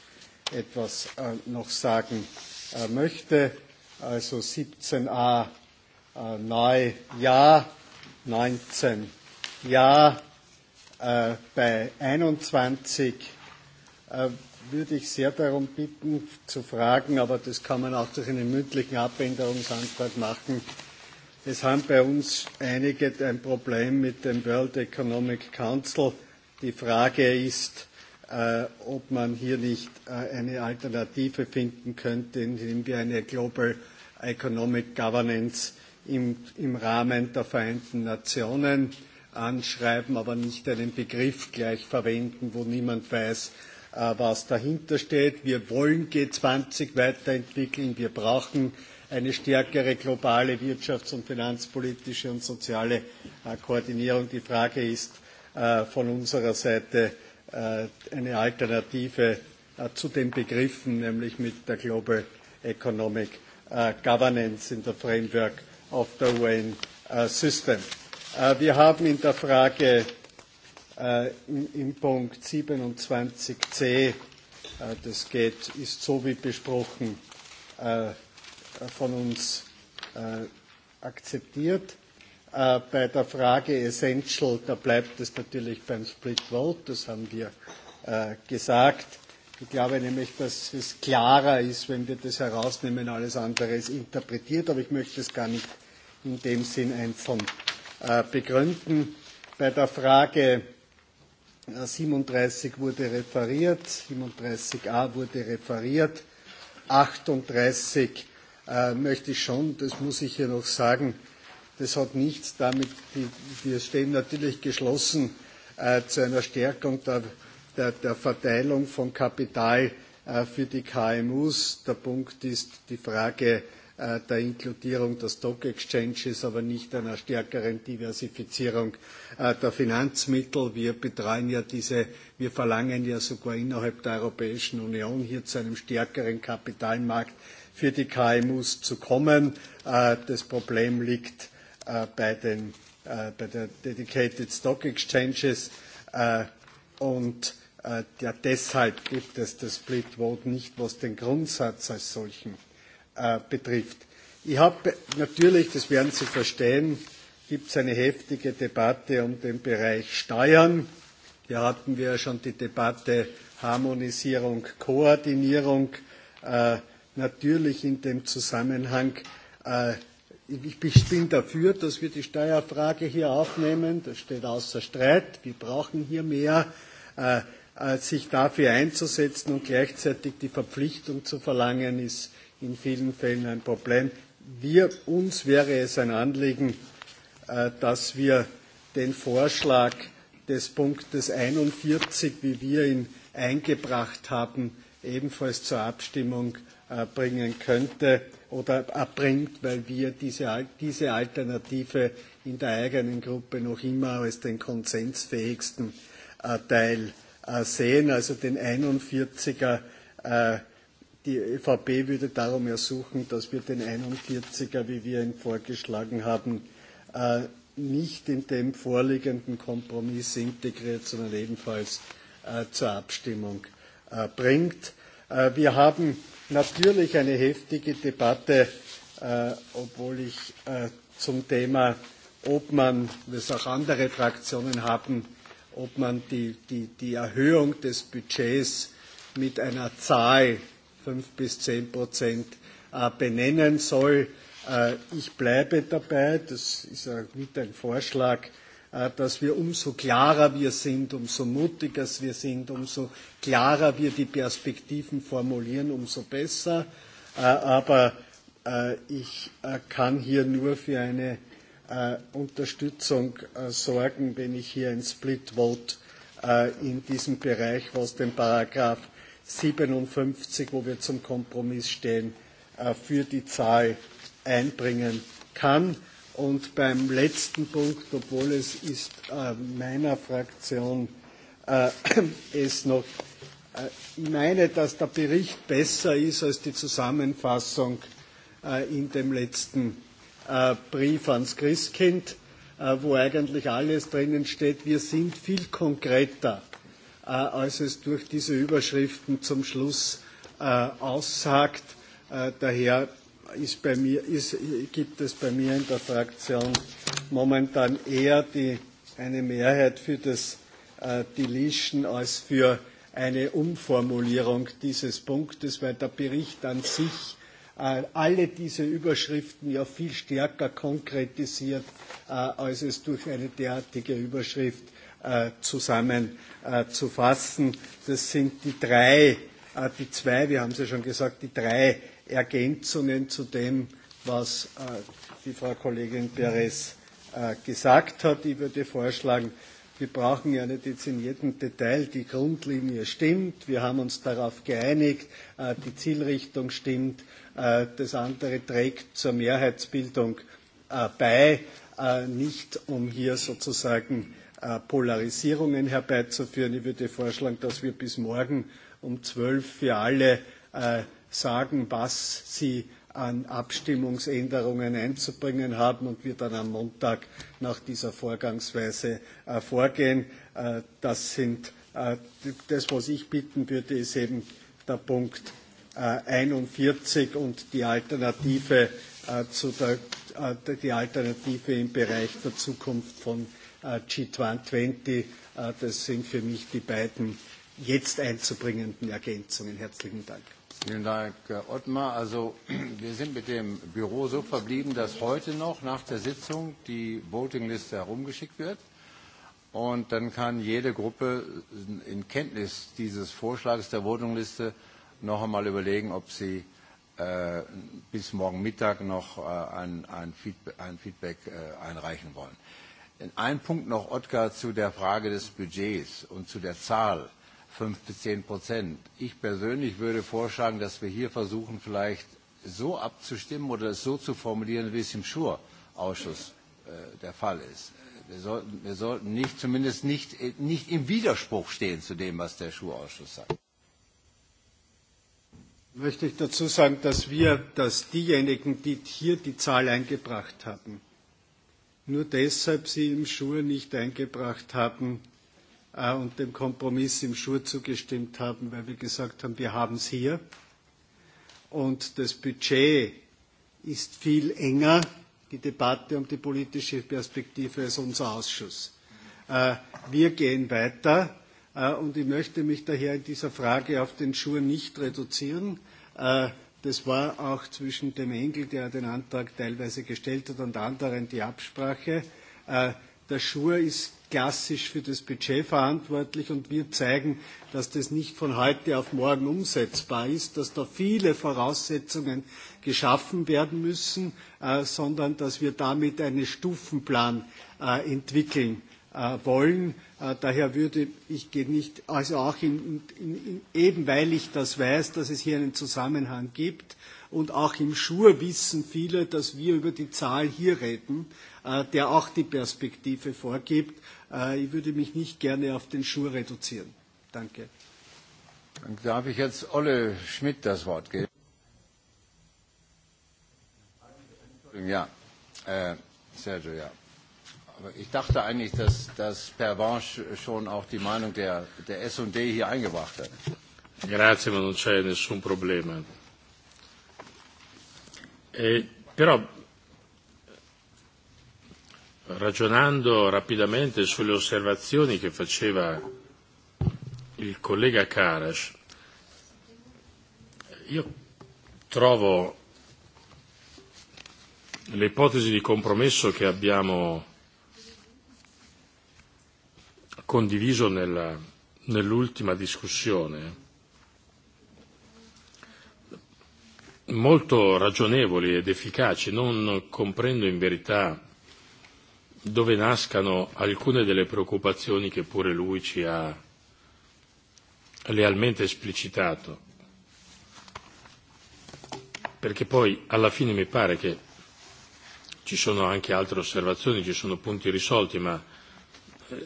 etwas äh, noch sagen möchte. Also 17a neu Ja, 19 Ja, bei 21 würde ich sehr darum bitten, zu fragen, aber das kann man auch durch einen mündlichen Abänderungsantrag machen. Es haben bei uns einige ein Problem mit dem World Economic Council. Die Frage ist, äh, ob man hier nicht äh, eine Alternative finden könnte, indem wir eine Global Economic Governance im, im Rahmen der Vereinten Nationen anschreiben, aber nicht einen Begriff gleich verwenden, wo niemand weiß, was dahinter steht. Wir wollen G20 weiterentwickeln. Wir brauchen eine stärkere globale wirtschafts- und finanzpolitische und soziale äh, Koordinierung. Die Frage ist äh, von unserer Seite äh, eine Alternative zu den Begriffen, nämlich mit der Global Economic Governance in der Framework of the UN System. Wir haben in der Frage äh, in, Punkt 27c. Äh, das geht, ist so wie besprochen äh, von uns äh, akzeptiert. bei der Frage Essential, da bleibt es natürlich beim Split Vote, das haben wir gesagt. Ich glaube nämlich, dass es klarer ist, wenn wir das herausnehmen, alles andere ist interpretiert, aber ich möchte es gar nicht in dem Sinn einzeln begründen. Bei der Frage 37 äh, wurde referiert, 37a wurde referiert, 38 äh, möchte ich schon, das muss ich hier noch sagen, das hat nichts damit, die, wir stehen natürlich geschlossen äh, zu einer Stärkung der, der, der Verteilung von Kapital äh, für die KMUs. Der Punkt ist die Frage Äh, der Inkludierung der Stock Exchanges, aber nicht einer stärkeren Diversifizierung äh, der Finanzmittel. Wir betreuen ja diese, wir verlangen ja sogar innerhalb der Europäischen Union hier zu einem stärkeren Kapitalmarkt für die KMUs zu kommen. Äh, das Problem liegt bei den bei der Dedicated Stock Exchanges und ja, deshalb gibt es das Split Vote nicht, was den Grundsatz als solchen Äh, betrifft. Ich habe natürlich, das werden Sie verstehen, gibt es eine heftige Debatte um den Bereich Steuern. Hier hatten wir ja schon die Debatte Harmonisierung, Koordinierung. Äh, natürlich in dem Zusammenhang, äh, ich bin dafür, dass wir die Steuerfrage hier aufnehmen. Das steht außer Streit. Wir brauchen hier mehr. Äh, äh sich dafür einzusetzen und gleichzeitig die Verpflichtung zu verlangen, ist, in vielen Fällen ein Problem. Wir, uns wäre es ein Anliegen, äh, dass wir den Vorschlag des Punktes 41, wie wir ihn eingebracht haben, ebenfalls zur Abstimmung äh, bringen könnte oder erbringt, weil wir diese, diese Alternative in der eigenen Gruppe noch immer als den konsensfähigsten äh, Teil sehen. Also den 41er äh, Die ÖVP würde darum ersuchen, dass wir den 41er, wie wir ihn vorgeschlagen haben, äh, nicht in dem vorliegenden Kompromiss integriert, sondern ebenfalls äh, zur Abstimmung äh, bringt. wir haben natürlich eine heftige Debatte, obwohl ich zum Thema, ob man, was auch andere Fraktionen haben, ob man die, die, die Erhöhung des Budgets mit einer Zahl fünf bis zehn Prozent äh, benennen soll. Äh, ich bleibe dabei, das ist mit ein Vorschlag, äh, dass wir umso klarer wir sind, umso mutiger wir sind, umso klarer wir die Perspektiven formulieren, umso besser. Aber ich kann hier nur für eine Unterstützung sorgen, wenn ich hier ein Split Vote in diesem Bereich, was den Paragraph 57, wo wir zum Kompromiss stehen, äh, für die Zahl einbringen kann. Und beim letzten Punkt, obwohl es ist äh, meiner Fraktion äh, (clears throat) es noch, ich meine, dass der Bericht besser ist als die Zusammenfassung in dem letzten Brief ans Christkind, wo eigentlich alles drinnen steht. Wir sind viel konkreter äh, als es durch diese Überschriften zum Schluss äh, aussagt. Äh, daher ist bei mir, ist, gibt es bei mir in der Fraktion momentan eher die, eine Mehrheit für das äh, Deletion als für eine Umformulierung dieses Punktes, weil der Bericht an sich äh, alle diese Überschriften ja viel stärker konkretisiert, äh, als es durch eine derartige Überschrift Äh, zusammenzufassen. Äh, das sind die drei, äh, die zwei, wir haben es ja schon gesagt, die drei Ergänzungen zu dem, was die Frau Kollegin Perez gesagt hat. Ich würde vorschlagen, wir brauchen ja nicht jetzt in jedem Detail, die Grundlinie stimmt, wir haben uns darauf geeinigt, die Zielrichtung stimmt, das andere trägt zur Mehrheitsbildung bei, nicht um hier sozusagen Äh, Polarisierungen herbeizuführen. Ich würde vorschlagen, dass wir bis morgen um 12 für alle äh, sagen, was sie an Abstimmungsänderungen einzubringen haben und wir dann am Montag nach dieser Vorgangsweise äh, vorgehen. Das sind das, was ich bitten würde, ist eben der Punkt 41 und die Alternative zu der, die Alternative im Bereich der Zukunft von Äh, G20. Äh, das sind für mich die beiden jetzt einzubringenden Ergänzungen. Herzlichen Dank. Vielen Dank, Herr äh, Ottmar. Also (clears throat) wir sind mit dem Büro so verblieben, dass heute noch nach der Sitzung die Votingliste herumgeschickt wird. Und dann kann jede Gruppe in Kenntnis dieses Vorschlags der Votingliste noch einmal überlegen, ob sie äh, bis morgen Mittag noch äh, ein, ein Feedback, ein Feedback äh, einreichen wollen. In einem Punkt noch, Ottgar, zu der Frage des Budgets und zu der Zahl. 5 bis 10 Prozent. Ich persönlich würde vorschlagen, dass wir hier versuchen, vielleicht so abzustimmen oder es so zu formulieren, wie es im Schur-Ausschuss äh, der Fall ist. Wir sollten, wir sollten nicht, zumindest nicht, äh, nicht im Widerspruch stehen zu dem, was der Schur-Ausschuss sagt. Möchte ich dazu sagen, dass wir, dass diejenigen, die hier die Zahl eingebracht haben, nur deshalb sie im Schur nicht eingebracht haben äh, und dem Kompromiss im Schur zugestimmt haben, weil wir gesagt haben, wir haben es hier. Und das Budget ist viel enger, die Debatte um die politische Perspektive als unser Ausschuss. Äh, wir gehen weiter äh, und ich möchte mich daher in dieser Frage auf den Schur nicht reduzieren. Äh, Das war auch zwischen dem Engel, der den Antrag teilweise gestellt hat, und anderen die Absprache. Äh, der Schur ist klassisch für das Budget verantwortlich und wir zeigen, dass das nicht von heute auf morgen umsetzbar ist, dass da viele Voraussetzungen geschaffen werden müssen, äh, sondern dass wir damit einen Stufenplan äh, entwickeln Äh, wollen. Äh, daher würde ich nicht, also auch in, in, in, eben weil ich das weiß, dass es hier einen Zusammenhang gibt und auch im Schur wissen viele, dass wir über die Zahl hier reden, äh, der auch die Perspektive vorgibt. Ich würde mich nicht gerne auf den Schur reduzieren. Danke. Dann darf ich jetzt Olle Schmidt das Wort geben. Ja, äh, Sergio, ja ich dachte eigentlich, dass, dass Per Pervenche schon auch die Meinung der, der S&D hier eingebracht hat. Grazie, ma non c'è nessun problema. E, però, ragionando rapidamente sulle osservazioni che faceva il collega Karas, io trovo l'ipotesi di compromesso che abbiamo condiviso nella, nell'ultima discussione, molto ragionevoli ed efficaci. Non comprendo in verità dove nascano alcune delle preoccupazioni che pure lui ci ha lealmente esplicitato. Perché poi alla fine mi pare che ci sono anche altre osservazioni, ci sono punti risolti, ma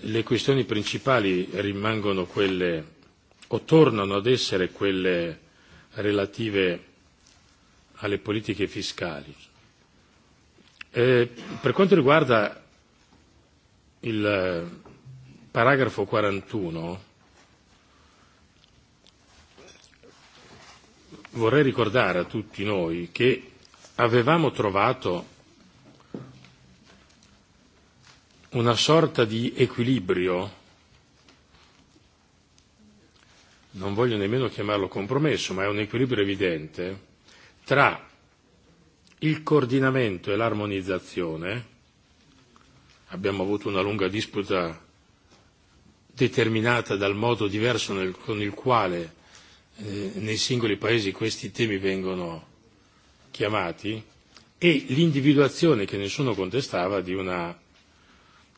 le questioni principali rimangono quelle o tornano ad essere quelle relative alle politiche fiscali. Eh, per quanto riguarda il paragrafo 41, vorrei ricordare a tutti noi che avevamo trovato una sorta di equilibrio, non voglio nemmeno chiamarlo compromesso, ma è un equilibrio evidente, tra il coordinamento e l'armonizzazione, abbiamo avuto una lunga disputa determinata dal modo diverso nel, con il quale eh, nei singoli paesi questi temi vengono chiamati, e l'individuazione che nessuno contestava di una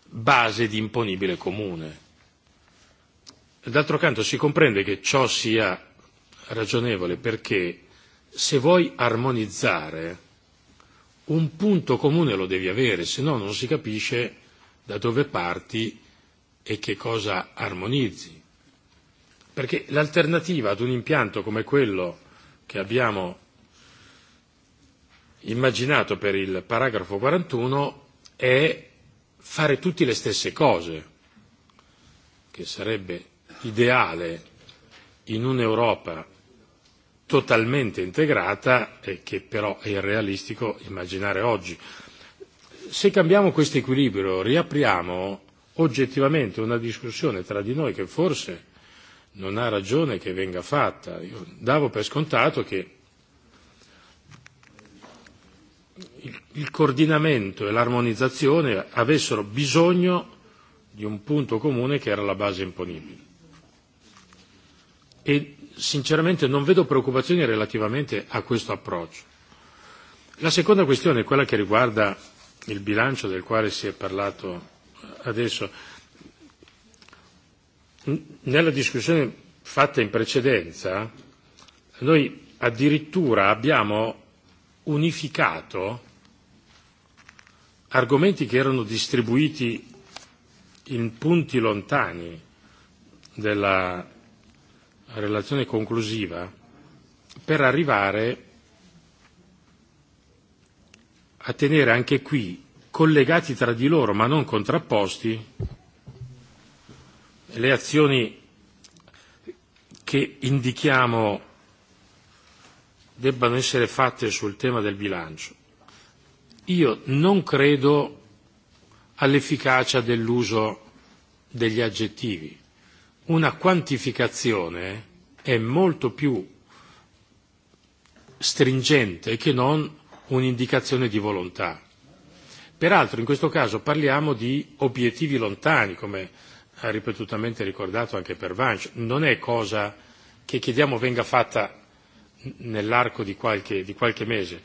base di imponibile comune. D'altro canto si comprende che ciò sia ragionevole perché se vuoi armonizzare un punto comune lo devi avere, se no non si capisce da dove parti e che cosa armonizzi. Perché l'alternativa ad un impianto come quello che abbiamo immaginato per il paragrafo 41 è fare tutti le stesse cose, che sarebbe ideale in un'Europa totalmente integrata e che però è irrealistico immaginare oggi. Se cambiamo questo equilibrio, riapriamo oggettivamente una discussione tra di noi che forse non ha ragione che venga fatta. Io davo per scontato che il coordinamento e l'armonizzazione avessero bisogno di un punto comune che era la base imponibile. E sinceramente non vedo preoccupazioni relativamente a questo approccio. La seconda questione è quella che riguarda il bilancio del quale si è parlato eh, adesso. Nella discussione fatta in precedenza noi addirittura abbiamo unificato argomenti che erano distribuiti in punti lontani della relazione conclusiva per arrivare a tenere anche qui collegati tra di loro ma non contrapposti le azioni che indichiamo debbano essere fatte sul tema del bilancio io non credo all'efficacia dell'uso degli aggettivi. Una quantificazione è molto più stringente che non un'indicazione di volontà. Peraltro in questo caso parliamo di obiettivi lontani, come ha ripetutamente ricordato anche per Vance, non è cosa che chiediamo venga fatta nell'arco di qualche, di qualche mese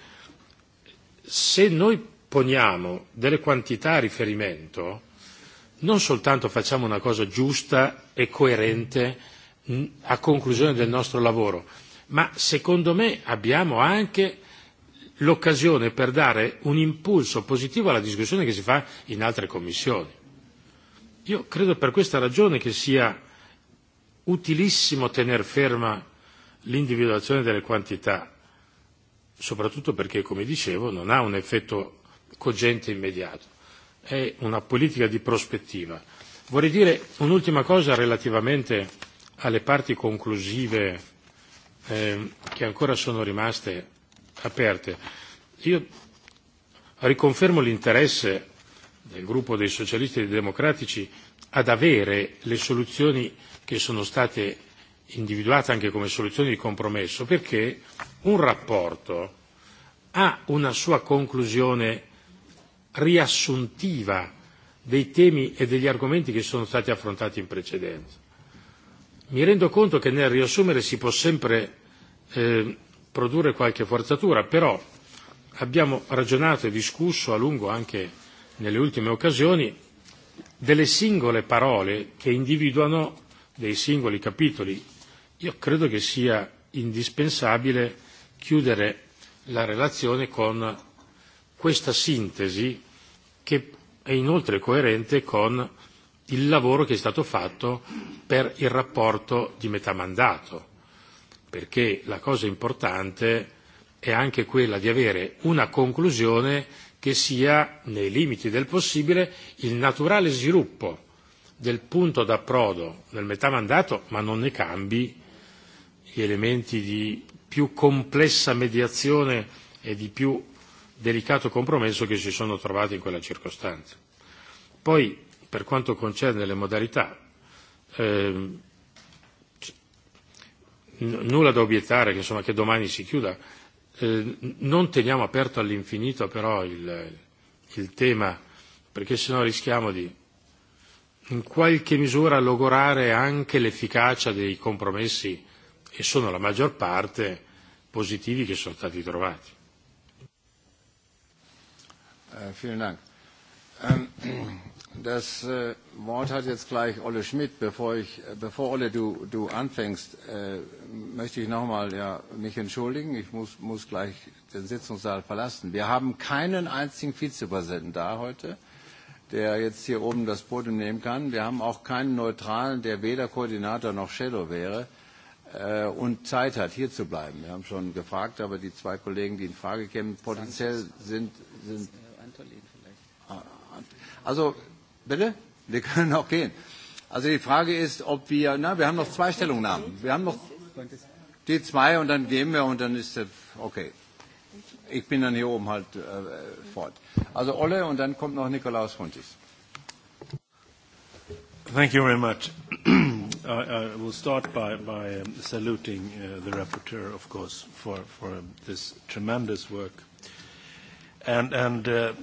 se noi poniamo delle quantità a riferimento, non soltanto facciamo una cosa giusta e coerente mm, a conclusione del nostro lavoro, ma secondo me abbiamo anche l'occasione per dare un impulso positivo alla discussione che si fa in altre commissioni. Io credo per questa ragione che sia utilissimo tener ferma l'individuazione delle quantità soprattutto perché, come dicevo, non ha un effetto cogente e immediato, è una politica di prospettiva. Vorrei dire un'ultima cosa relativamente alle parti conclusive eh, che ancora sono rimaste aperte. Io riconfermo l'interesse del gruppo dei socialisti e dei democratici ad avere le soluzioni che sono state individuata anche come soluzione di compromesso, perché un rapporto ha una sua conclusione riassuntiva dei temi e degli argomenti che sono stati affrontati in precedenza. Mi rendo conto che nel riassumere si può sempre eh, produrre qualche forzatura, però abbiamo ragionato e discusso a lungo anche nelle ultime occasioni delle singole parole che individuano dei singoli capitoli io credo che sia indispensabile chiudere la relazione con questa sintesi che è inoltre coerente con il lavoro che è stato fatto per il rapporto di metà mandato, perché la cosa importante è anche quella di avere una conclusione che sia, nei limiti del possibile, il naturale sviluppo del punto d'approdo nel metà mandato, ma non ne cambi gli elementi di più complessa mediazione e di più delicato compromesso che si sono trovati in quella circostanza. Poi, per quanto concerne le modalità, eh, nulla da obiettare che, insomma, che domani si chiuda. Eh, non teniamo aperto all'infinito però il, il tema, perché sennò rischiamo di in qualche misura logorare anche l'efficacia dei compromessi e sono la maggior parte positivi che sono stati trovati. Uh, vielen Dank. Um, das äh, Wort hat jetzt gleich Olle Schmidt. Bevor, ich, äh, bevor Olle, du, du anfängst, äh, möchte ich nochmal ja, mich entschuldigen. Ich muss, muss gleich den Sitzungssaal verlassen. Wir haben keinen einzigen Vizepräsidenten da heute, der jetzt hier oben das Podium nehmen kann. Wir haben auch keinen Neutralen, der weder Koordinator noch Shadow wäre. Äh, und Zeit hat, hier zu bleiben. Wir haben schon gefragt, aber die zwei Kollegen, die in Frage kämen, potenziell sind. sind ah, also, bitte? Wir können auch gehen. Also die Frage ist, ob wir, na, wir haben noch zwei Stellungnahmen. Wir haben noch die zwei und dann gehen wir und dann ist es, okay. Ich bin dann hier oben halt äh, fort. Also Olle und dann kommt noch Nikolaus Frontis. Thank you very much. (clears throat) I, I will start by, by um, saluting uh, the rapporteur, of course, for, for um, this tremendous work, and, and uh,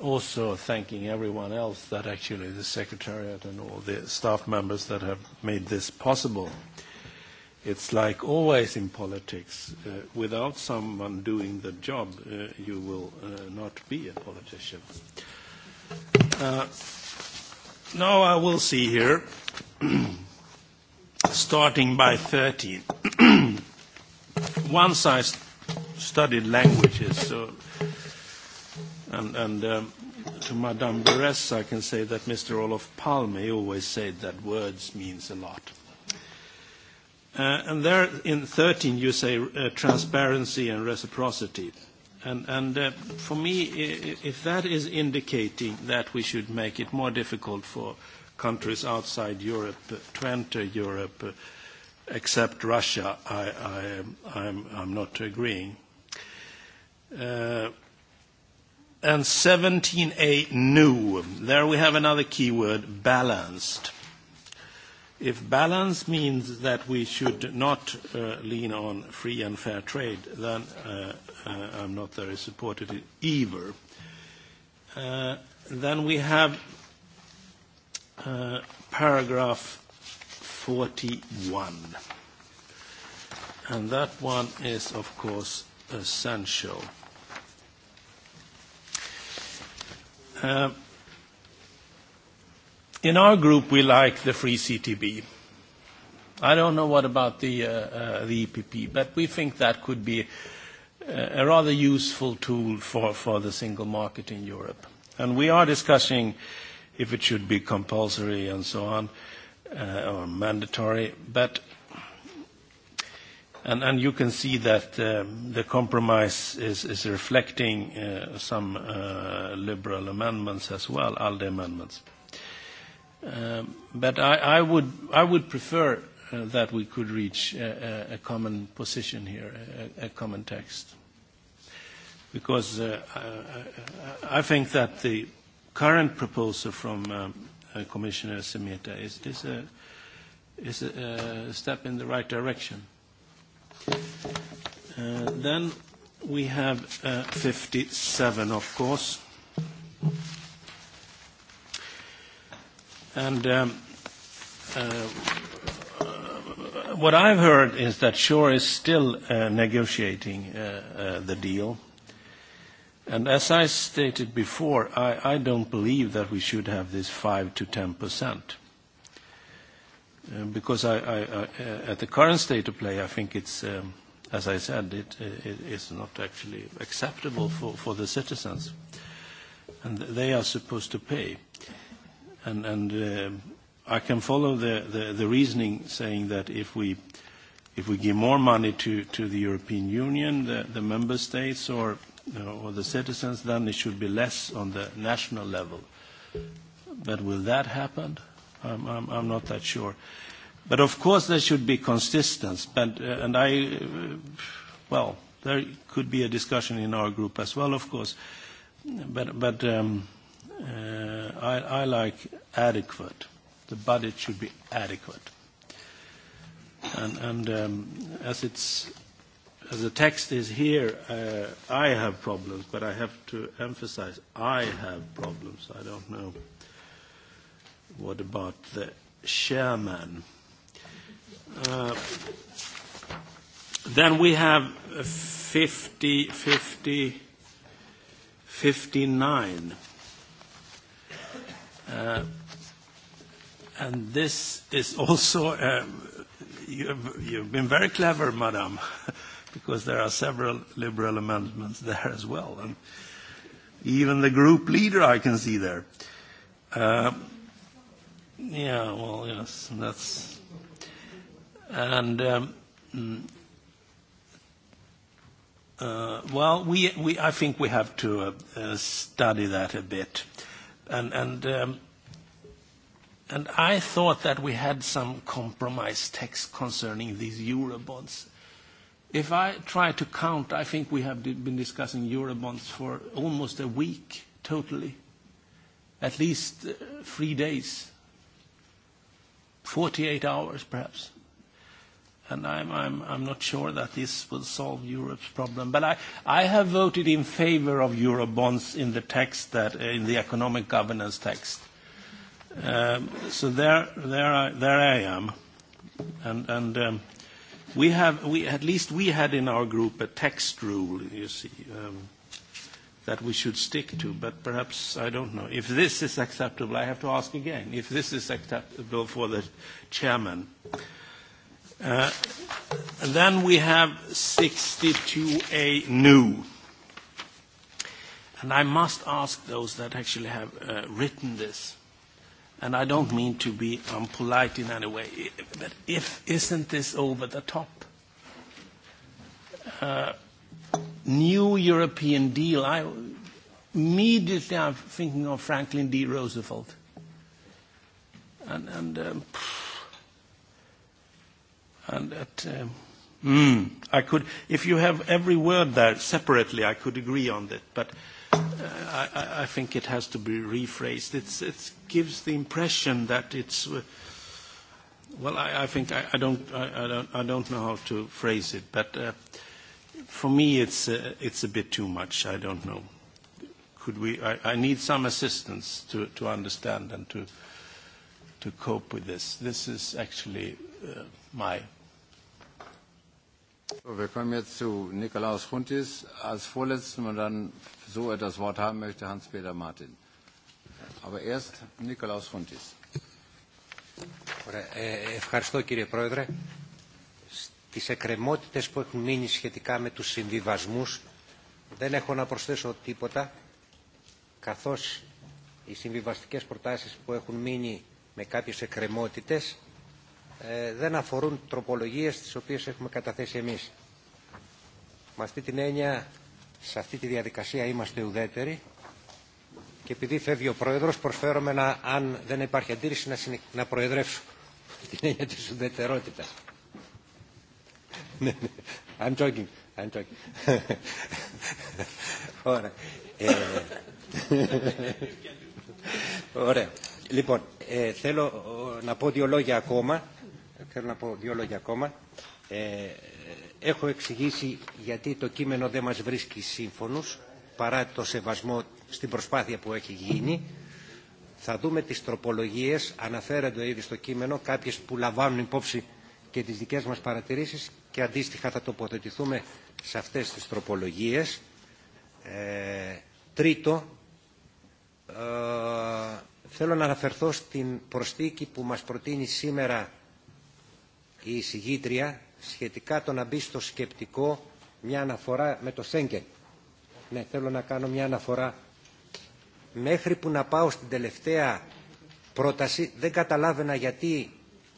also thanking everyone else that actually the secretariat and all the staff members that have made this possible. It's like always in politics, uh, without someone doing the job, uh, you will uh, not be a politician. Uh, now I will see here. (clears throat) starting by 30. Once I studied languages, so, and, and um, to Madame Beres, I can say that Mr. Olof Palme always said that words means a lot. Uh, and there in 13 you say uh, transparency and reciprocity. And, and uh, for me, if that is indicating that we should make it more difficult for countries outside Europe to enter Europe, except Russia, I, I'm, not agreeing. Uh, and 17a new. There we have another keyword, balanced. If balance means that we should not uh, lean on free and fair trade, then uh, I'm not very supportive either. Then we have Uh, paragraph 41. And that one is, of course, essential. Uh, in our group, we like the free CTB. I don't know what about the, uh, uh, the EPP, but we think that could be uh, a rather useful tool for, for the single market in Europe. And we are discussing uh, if it should be compulsory and so on, uh, or mandatory. But and, and you can see that uh, the compromise is, is reflecting uh, some uh, liberal amendments as well, ALDE amendments. Um, but I, I, would, I would prefer uh, that we could reach a, a common position here, a, a common text. Because uh, I, I think that the current proposal from um, uh, Commissioner Semeta is, is, a, is a, a step in the right direction. Uh, then we have uh, 57, of course. And um, uh, what I've heard is that Shore is still uh, negotiating uh, uh, the deal as I stated before, I, I don't believe that we should have this 5%-10%. Uh, because I, uh, at the current state of play, I think it's, um, as I said, it, uh, it is not actually acceptable for, for the citizens. And they are supposed to pay. And, and I can follow the, the, the reasoning saying that if we, if we give more money to, to the European Union, the, the member states, or No, or the citizens, then it should be less on the national level. But will that happen? I'm, I'm, I'm not that sure. But of course there should be consistency. But, uh, and I, uh, well, there could be a discussion in our group as well, of course. But, but um, uh, I, I like adequate. The budget should be adequate. And, and um, as it's as the text is here, uh, I have problems, but I have to emphasize I have problems. I don't know. What about the chairman? Uh, then we have 50, 50, 59. Uh, and this is also, um, you've, you've been very clever, madam. (laughs) because there are several liberal amendments there as well. And even the group leader I can see there. Um, yeah, well, yes, that's. And um, mm, uh, well, we, we, I think we have to uh, uh, study that a bit, and and um, and I thought that we had some compromise text concerning these eurobonds If I try to count, I think we have been discussing Eurobonds for almost a week totally, at least uh, three days, 48 hours perhaps. And I'm, I'm, I'm not sure that this will solve Europe's problem. But I, I have voted in favor of Eurobonds in the text that, uh, in the economic governance text. Um, so there, there, I, there I am. And, and um, We have, we, at least we had in our group a text rule, you see, um, that we should stick to, but perhaps, I don't know. If this is acceptable, I have to ask again, if this is acceptable for the chairman. Uh, then we have 62A new. And I must ask those that actually have uh, written this and I don't mean to be unpolite in any way, but if isn't this over the top? Uh, new European deal, I, immediately I'm thinking of Franklin D. Roosevelt. And, and, um, and that, um, mm, I could, if you have every word there separately, I could agree on that, but uh, i, I think it has to be rephrased. It's, it gives the impression that it's uh, well, I, I think I, I, don't, I, I, don't, I don't know how to phrase it, but uh, for me it's, uh, it's a bit too much. I don't know. Could we? I, I need some assistance to, to understand and to to cope with this. This is actually uh, my Wir kommen jetzt zu Nikolaus Huntis als Vorletzten und dann, so er das Wort haben möchte, Hans-Peter Martin. Aber erst Nikolaus Huntis. Ευχαριστώ κύριε Πρόεδρε. Στις εκκρεμότητες που έχουν μείνει σχετικά με τους συμβιβασμούς δεν έχω να προσθέσω τίποτα καθώς οι συμβιβαστικές προτάσεις που έχουν μείνει με κάποιες εκκρεμότητες ε, δεν αφορούν τροπολογίες τις οποίες έχουμε καταθέσει εμείς. Με αυτή την έννοια, σε αυτή τη διαδικασία είμαστε ουδέτεροι και επειδή φεύγει ο Πρόεδρος προσφέρομαι να, αν δεν υπάρχει αντίρρηση να, συνε... να προεδρεύσω την έννοια της ουδετερότητας. I'm joking. I'm joking. Ωραία. Ε... Ωραία. Λοιπόν, ε, θέλω να πω δύο λόγια ακόμα. Θέλω να πω δύο λόγια ακόμα Ε, έχω εξηγήσει γιατί το κείμενο δεν μας βρίσκει σύμφωνος, παρά το σεβασμό στην προσπάθεια που έχει γίνει. Θα δούμε τις τροπολογίες, αναφέρονται ήδη στο κείμενο, κάποιες που λαμβάνουν υπόψη και τις δικές μας παρατηρήσεις και αντίστοιχα θα τοποθετηθούμε σε αυτές τις τροπολογίες. Ε, τρίτο, ε, θέλω να αναφερθώ στην προσθήκη που μας προτείνει σήμερα η εισηγήτρια σχετικά το να μπει στο σκεπτικό μια αναφορά με το Σέγγεν. Ναι, θέλω να κάνω μια αναφορά. Μέχρι που να πάω στην τελευταία πρόταση δεν καταλάβαινα γιατί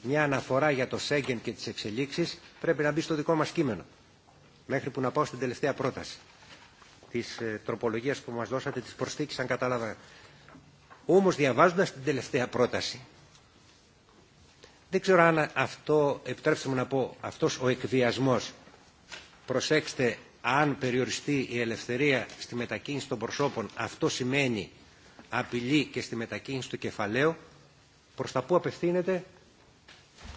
μια αναφορά για το Σέγγεν και τις εξελίξεις πρέπει να μπει στο δικό μας κείμενο. Μέχρι που να πάω στην τελευταία πρόταση της ε, τροπολογίας που μας δώσατε, της προσθήκης αν κατάλαβα. Όμως διαβάζοντας την τελευταία πρόταση Δεν ξέρω αν αυτό, επιτρέψτε μου να πω, αυτός ο εκβιασμός, προσέξτε, αν περιοριστεί η ελευθερία στη μετακίνηση των προσώπων, αυτό σημαίνει απειλή και στη μετακίνηση του κεφαλαίου, προς τα πού απευθύνεται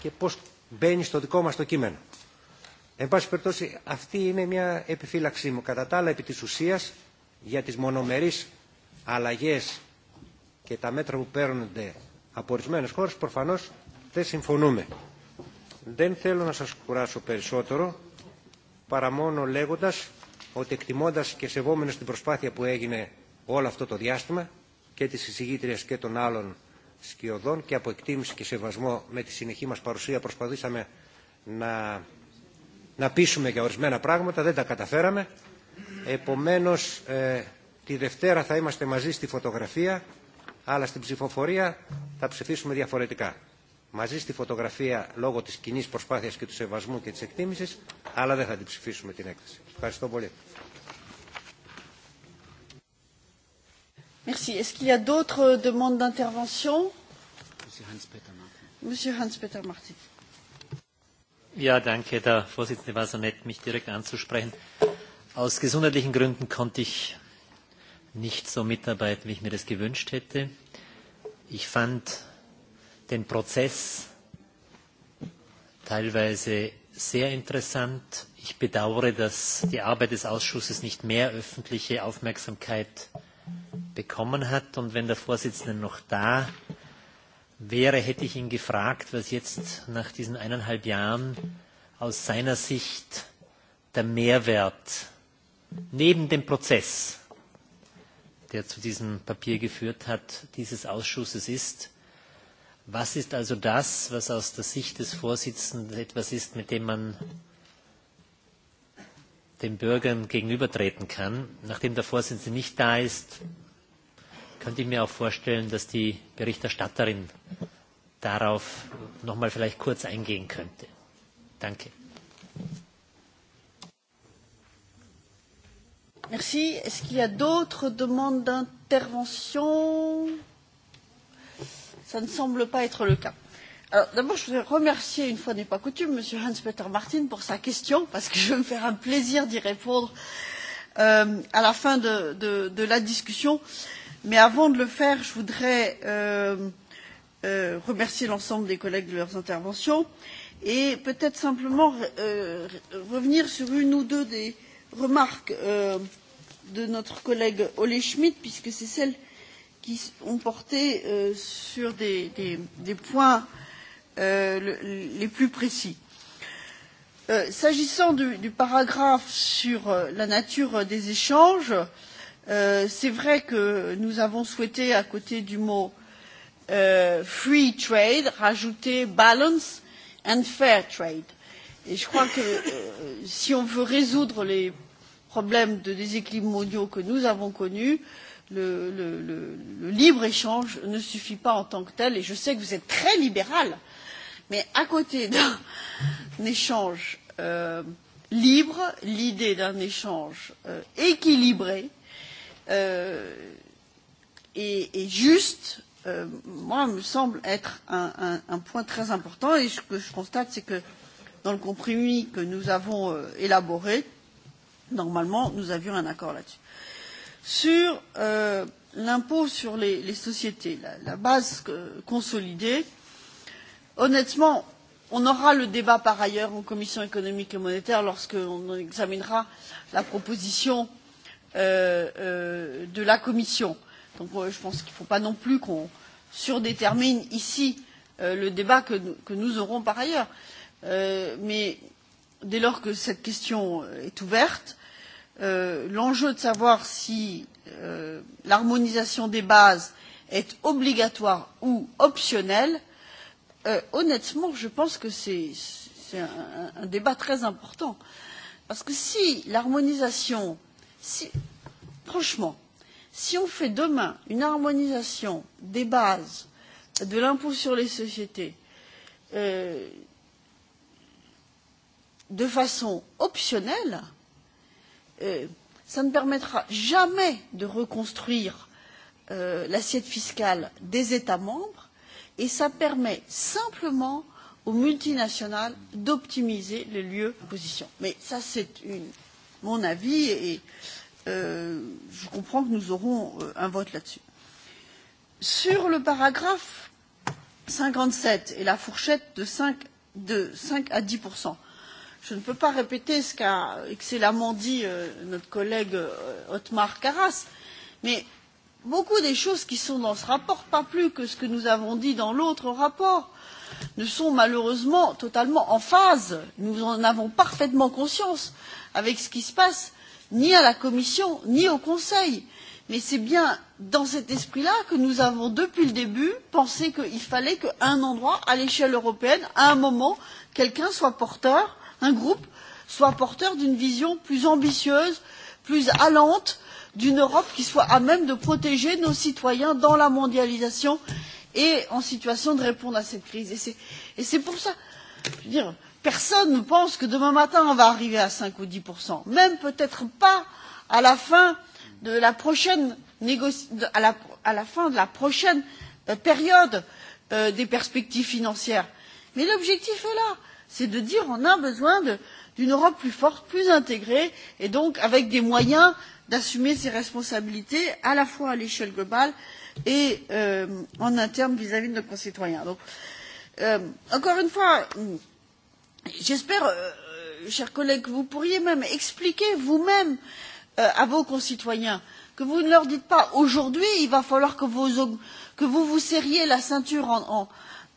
και πώς μπαίνει στο δικό μας το κείμενο. Εν πάση περιπτώσει, αυτή είναι μια επιφύλαξή μου. Κατά τα άλλα, επί της ουσίας, για τις μονομερείς αλλαγές και τα μέτρα που παίρνονται από ορισμένες χώρες, προφανώς αυτές συμφωνούμε. Δεν θέλω να σας κουράσω περισσότερο, παρά μόνο λέγοντας ότι εκτιμώντας και σεβόμενος την προσπάθεια που έγινε όλο αυτό το διάστημα και της εισηγήτριας και των άλλων σκιωδών και από εκτίμηση και σεβασμό με τη συνεχή μας παρουσία προσπαθήσαμε να, να πείσουμε για ορισμένα πράγματα, δεν τα καταφέραμε. Επομένως, ε, τη Δευτέρα θα είμαστε μαζί στη φωτογραφία, αλλά στην ψηφοφορία θα ψηφίσουμε διαφορετικά μαζί στη φωτογραφία λόγω της κοινή προσπάθειας και του σεβασμού και της εκτίμησης, αλλά δεν θα την ψηφίσουμε την έκθεση. Ευχαριστώ πολύ. Merci. Est-ce qu'il y a d'autres demandes d'intervention Monsieur Hans-Peter Martin. Monsieur Hans-Peter Martin. Ja, danke, der Vorsitzende war so nett, mich direkt anzusprechen. Aus gesundheitlichen Gründen konnte ich nicht so mitarbeiten, wie ich mir das gewünscht hätte. Ich fand den Prozess teilweise sehr interessant. Ich bedauere, dass die Arbeit des Ausschusses nicht mehr öffentliche Aufmerksamkeit bekommen hat. Und wenn der Vorsitzende noch da wäre, hätte ich ihn gefragt, was jetzt nach diesen eineinhalb Jahren aus seiner Sicht der Mehrwert neben dem Prozess, der zu diesem Papier geführt hat, dieses Ausschusses ist. Was ist also das, was aus der Sicht des Vorsitzenden etwas ist, mit dem man den Bürgern gegenübertreten kann? Nachdem der Vorsitzende nicht da ist, könnte ich mir auch vorstellen, dass die Berichterstatterin darauf noch mal vielleicht kurz eingehen könnte. Danke. Merci. Est-ce qu'il y a d'autres demandes d'intervention ça ne semble pas être le cas. d'abord je voudrais remercier une fois n'est pas coutume m. hans peter martin pour sa question parce que je vais me faire un plaisir d'y répondre euh, à la fin de, de, de la discussion mais avant de le faire je voudrais euh, euh, remercier l'ensemble des collègues de leurs interventions et peut être simplement euh, revenir sur une ou deux des remarques euh, de notre collègue Ole Schmidt, puisque c'est celle qui ont porté euh, sur des, des, des points euh, le, les plus précis. Euh, S'agissant du, du paragraphe sur euh, la nature des échanges, euh, c'est vrai que nous avons souhaité, à côté du mot euh, free trade, rajouter balance and fair trade. Et je crois que euh, si on veut résoudre les problèmes de déséquilibre mondiaux que nous avons connus, euh, le, le, le, le libre échange ne suffit pas en tant que tel et je sais que vous êtes très libéral mais à côté (laughs) d'un échange euh, libre l'idée d'un échange euh, équilibré euh, et, et juste euh, moi me semble être un, un, un point très important et ce que je constate c'est que dans le compromis que nous avons euh, élaboré normalement nous avions un accord là dessus. Sur euh, l'impôt sur les, les sociétés, la, la base euh, consolidée, honnêtement, on aura le débat par ailleurs en commission économique et monétaire lorsque l'on examinera la proposition euh, euh, de la commission. Donc euh, je pense qu'il ne faut pas non plus qu'on surdétermine ici euh, le débat que, que nous aurons par ailleurs. Euh, mais dès lors que cette question est ouverte, Euh, l'enjeu de savoir si euh, l'harmonisation des bases est obligatoire ou optionnelle, euh, honnêtement, je pense que c'est un, un débat très important. Parce que si l'harmonisation, si, franchement, si on fait demain une harmonisation des bases de l'impôt sur les sociétés euh, de façon optionnelle, cela euh, ne permettra jamais de reconstruire euh, l'assiette fiscale des États membres et cela permet simplement aux multinationales d'optimiser les lieux d'imposition. Mais cela c'est mon avis et euh, je comprends que nous aurons un vote là-dessus. Sur le paragraphe cinquante sept et la fourchette de cinq à dix je ne peux pas répéter ce qu'a excellemment dit euh, notre collègue euh, othmar karas mais beaucoup des choses qui sont dans ce rapport pas plus que ce que nous avons dit dans l'autre rapport ne sont malheureusement totalement en phase nous en avons parfaitement conscience avec ce qui se passe ni à la commission ni au conseil mais c'est bien dans cet esprit là que nous avons depuis le début pensé qu'il fallait qu'à un endroit à l'échelle européenne à un moment quelqu'un soit porteur un groupe soit porteur d'une vision plus ambitieuse plus allante d'une europe qui soit à même de protéger nos citoyens dans la mondialisation et en situation de répondre à cette crise. et c'est pour cela je veux dire personne ne pense que demain matin on va arriver à cinq ou dix même peut être pas à la fin de la prochaine, à la, à la fin de la prochaine euh, période euh, des perspectives financières mais l'objectif est là c'est de dire qu'on a besoin d'une europe plus forte plus intégrée et donc avec des moyens d'assumer ses responsabilités à la fois à l'échelle globale et euh, en interne vis à vis de nos concitoyens. Donc, euh, encore une fois j'espère euh, chers collègues que vous pourriez même expliquer vous même à vos concitoyens que vous ne leur dites pas aujourd'hui il va falloir que, vous vous serriez la ceinture en,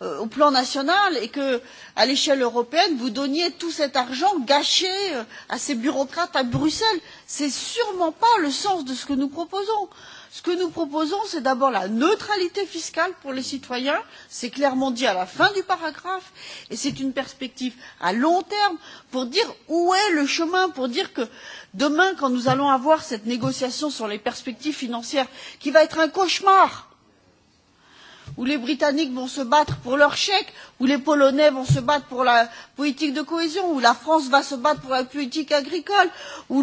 Euh, au plan national et que à l'échelle européenne vous donniez tout cet argent gâché euh, à ces bureaucrates à bruxelles. ce n'est sûrement pas le sens de ce que nous proposons. ce que nous proposons c'est d'abord la neutralité fiscale pour les citoyens c'est clairement dit à la fin du paragraphe et c'est une perspective à long terme pour dire où est le chemin pour dire que demain quand nous allons avoir cette négociation sur les perspectives financières qui va être un cauchemar où les britanniques vont se battre pour leur chèque où les polonais vont se battre pour la politique de cohésion où la france va se battre pour la politique agricole où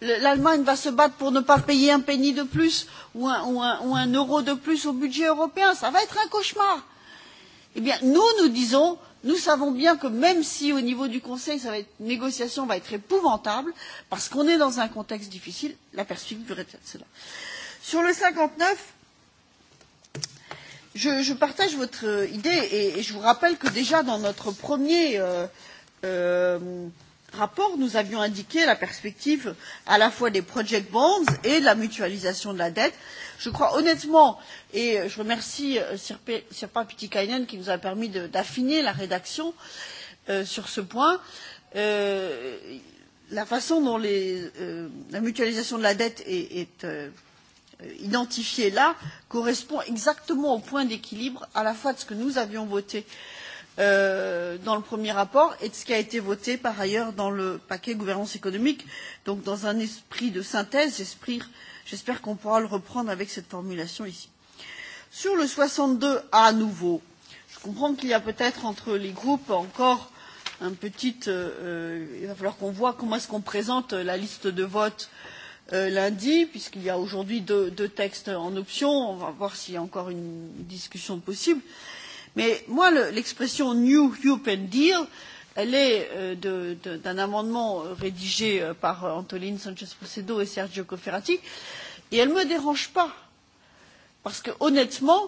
l'allemagne va se battre pour ne pas payer un penny de plus ou un, ou un, ou un euro de plus au budget européen ça va être un cauchemar. eh bien nous nous disons nous savons bien que même si au niveau du conseil être négociation va être épouvantable parce qu'on est dans un contexte difficile la perspective reste celle là. sur le cinquante neuf je, partage votre euh, idée et, je vous rappelle que déjà dans notre premier euh, euh, rapport nous avions indiqué la perspective à la fois des project bonds et de la mutualisation de la dette. je crois honnêtement et je remercie sirpa pietikäinen qui nous a permis d'affiner la rédaction sur ce point la façon dont la mutualisation de la dette est identifié là correspond exactement au point d'équilibre à la fois de ce que nous avions voté euh, dans le premier rapport et de ce qui a été voté par ailleurs dans le paquet gouvernance économique. donc dans un esprit de synthèse j'espère qu'on pourra le reprendre avec cette formulation ici. sur le soixante deux à nouveau je comprends qu'il y a peut être entre les groupes encore un petit euh, euh il va falloir qu'on voit comment est ce qu'on présente la liste de vote euh, Euh, lundi puisqu'il y a aujourd'hui deux, deux textes en option on va voir s'il y a encore une discussion possible mais moi l'expression le, new european deal elle est euh, d'un amendement euh, rédigé euh, par euh, Antoline sanchez Procedo et sergio cofferati et elle ne me dérange pas parce que honnêtement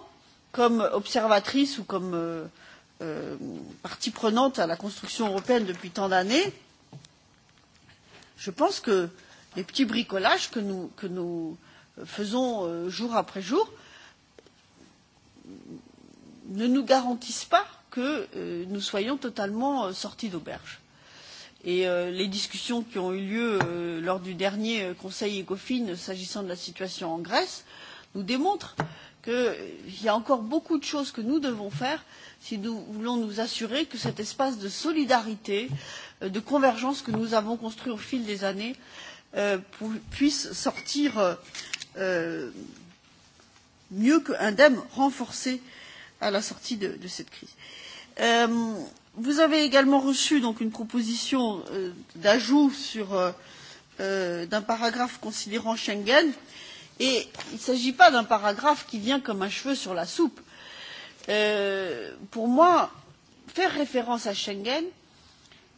comme observatrice ou comme euh, euh, partie prenante à la construction européenne depuis tant d'années je pense que euh, les petits bricolages que nous, que nous euh, faisons euh, jour après jour ne nous garantissent pas que euh, nous soyons totalement sortis d'auberge. Et les discussions qui ont eu lieu lors du dernier Conseil ECOFIN s'agissant de la situation en Grèce nous démontrent qu'il y a encore beaucoup de choses que nous devons faire si nous voulons nous assurer que cet espace de solidarité de convergence que nous avons construit au fil des années Euh, puissent sortir euh, mieux qu'indemnes renforcés à la sortie de, de cette crise. Euh, vous avez également reçu donc une proposition euh, d'ajout sur euh, euh d'un paragraphe considérant Schengen et il ne s'agit pas d'un paragraphe qui vient comme un cheveu sur la soupe. Euh, pour moi faire référence à Schengen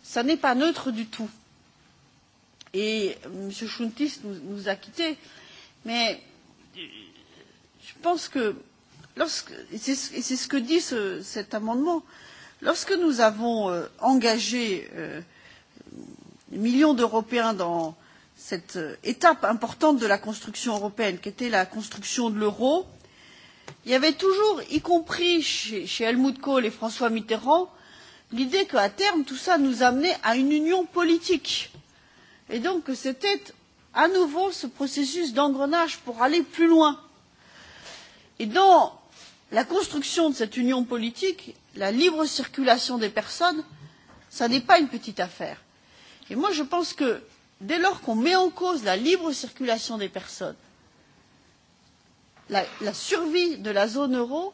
ça n'est pas neutre du tout et euh, M. Chountis nous, nous a quittés. Mais je pense que lorsque, et c'est ce que dit ce, cet amendement, lorsque nous avons euh, engagé euh, des millions d'Européens dans cette euh, étape importante de la construction européenne, qui était la construction de l'euro, il y avait toujours, y compris chez, chez Helmut Kohl et François Mitterrand, l'idée qu'à terme, tout ça nous amenait à une union politique. Euh, et donc c'était à nouveau ce processus d'engrenage pour aller plus loin. et dans la construction de cette union politique la libre circulation des personnes ça n'est pas une petite affaire. et moi je pense que dès lors qu'on met en cause la libre circulation des personnes la, la survie de la zone euro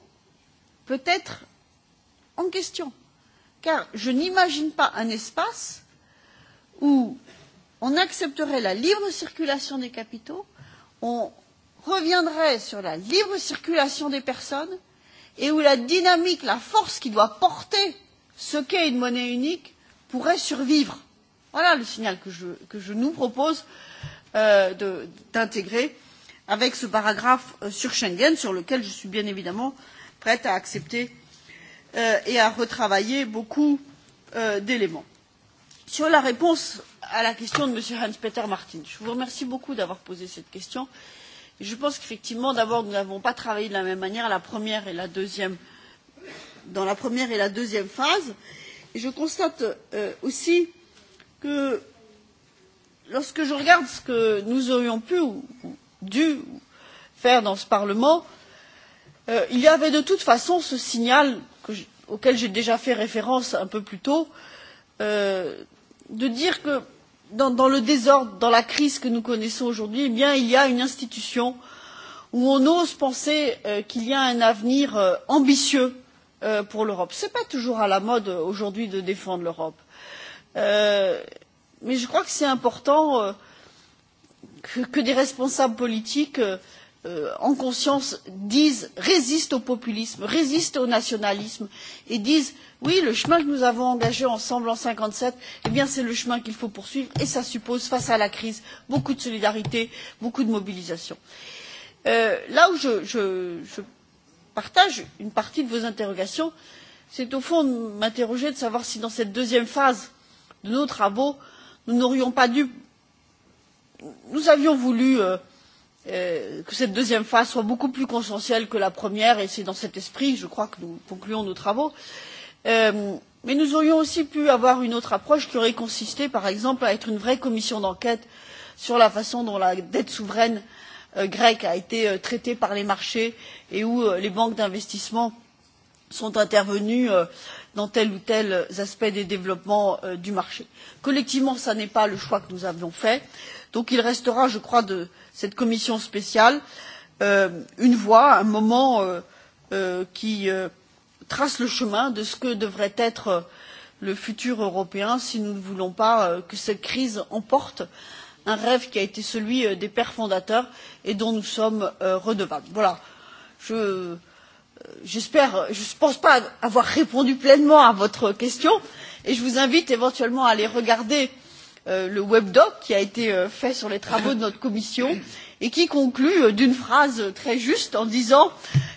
peut être en question car je n'imagine pas un espace où on accepterait la libre circulation des capitaux, on reviendrait sur la libre circulation des personnes et où la dynamique, la force qui doit porter ce qu'est une monnaie unique pourrait survivre. Voilà le signal que je, que je nous propose euh, d'intégrer avec ce paragraphe euh, sur Schengen, sur lequel je suis bien évidemment prête à accepter euh, et à retravailler beaucoup euh, d'éléments. Sur la réponse à la question de m. hans peter martin. je vous remercie beaucoup d'avoir posé cette question. je pense qu'effectivement d'abord nous n'avons pas travaillé de la même manière la première et la deuxième, dans la première et la deuxième phase et je constate euh, aussi que lorsque je regarde ce que nous aurions pu ou ou dû faire dans ce parlement euh, il y avait de toute façon ce signal que je, auquel j'ai déjà fait référence un peu plus tôt euh, de dire que dans, le désordre, dans la crise que nous connaissons aujourd'hui, eh il y a une institution où on ose penser euh, qu'il y a un avenir euh, ambitieux euh, pour l'Europe. Ce n'est pas toujours à la mode aujourd'hui de défendre l'Europe. mais je crois qu'il est important que, des responsables politiques Euh, en conscience disent résistent au populisme résistent au nationalisme et disent oui le chemin que nous avons engagé ensemble en mille neuf cent cinquante sept eh c'est le chemin qu'il faut poursuivre et cela suppose face à la crise beaucoup de solidarité beaucoup de mobilisation. Euh, là où je, partage une partie de vos interrogations c'est au fond de m'interroger de savoir si dans cette deuxième phase de nos travaux nous n'aurions pas dû nous avions voulu euh, Euh, que cette deuxième phase soit beaucoup plus consensuelle que la première et c'est dans cet esprit je crois que nous concluons nos travaux. Euh, mais nous aurions aussi pu avoir une autre approche qui aurait consisté par exemple à être une vraie commission d'enquête sur la façon dont la dette souveraine euh, grecque a été traitée par les marchés et où les banques d'investissement sont intervenues dans tel ou tel aspect des développements du marché. collectivement ce n'est pas le choix que nous avions fait donc il restera je crois de cette commission spéciale euh, une voie un moment euh, euh, qui euh, trace le chemin de ce que devrait être euh, le futur européen si nous ne voulons pas euh, que cette crise emporte un rêve qui a été celui des pères fondateurs et dont nous sommes redevables. voilà j'espère je ne pense pas avoir répondu pleinement à votre question et je vous invite éventuellement à aller regarder Euh, le webdoc qui a été euh, fait sur les travaux de notre commission et qui conclut euh, d'une phrase très juste en disant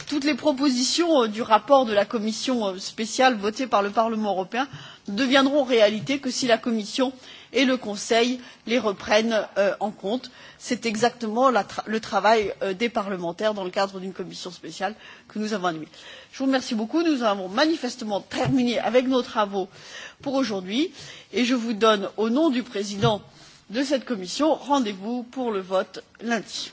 toutes les propositions du rapport de la commission spéciale voté par le parlement européen ne deviendront réalité que si la commission et le conseil les reprennent euh, en compte. c'est exactement le travail euh, des parlementaires dans le cadre d'une commission spéciale que nous avons animé. je vous remercie beaucoup nous avons manifestement terminé avec nos travaux pour aujourd'hui et je vous donne au nom du président de cette commission rendez vous pour le vote lundi.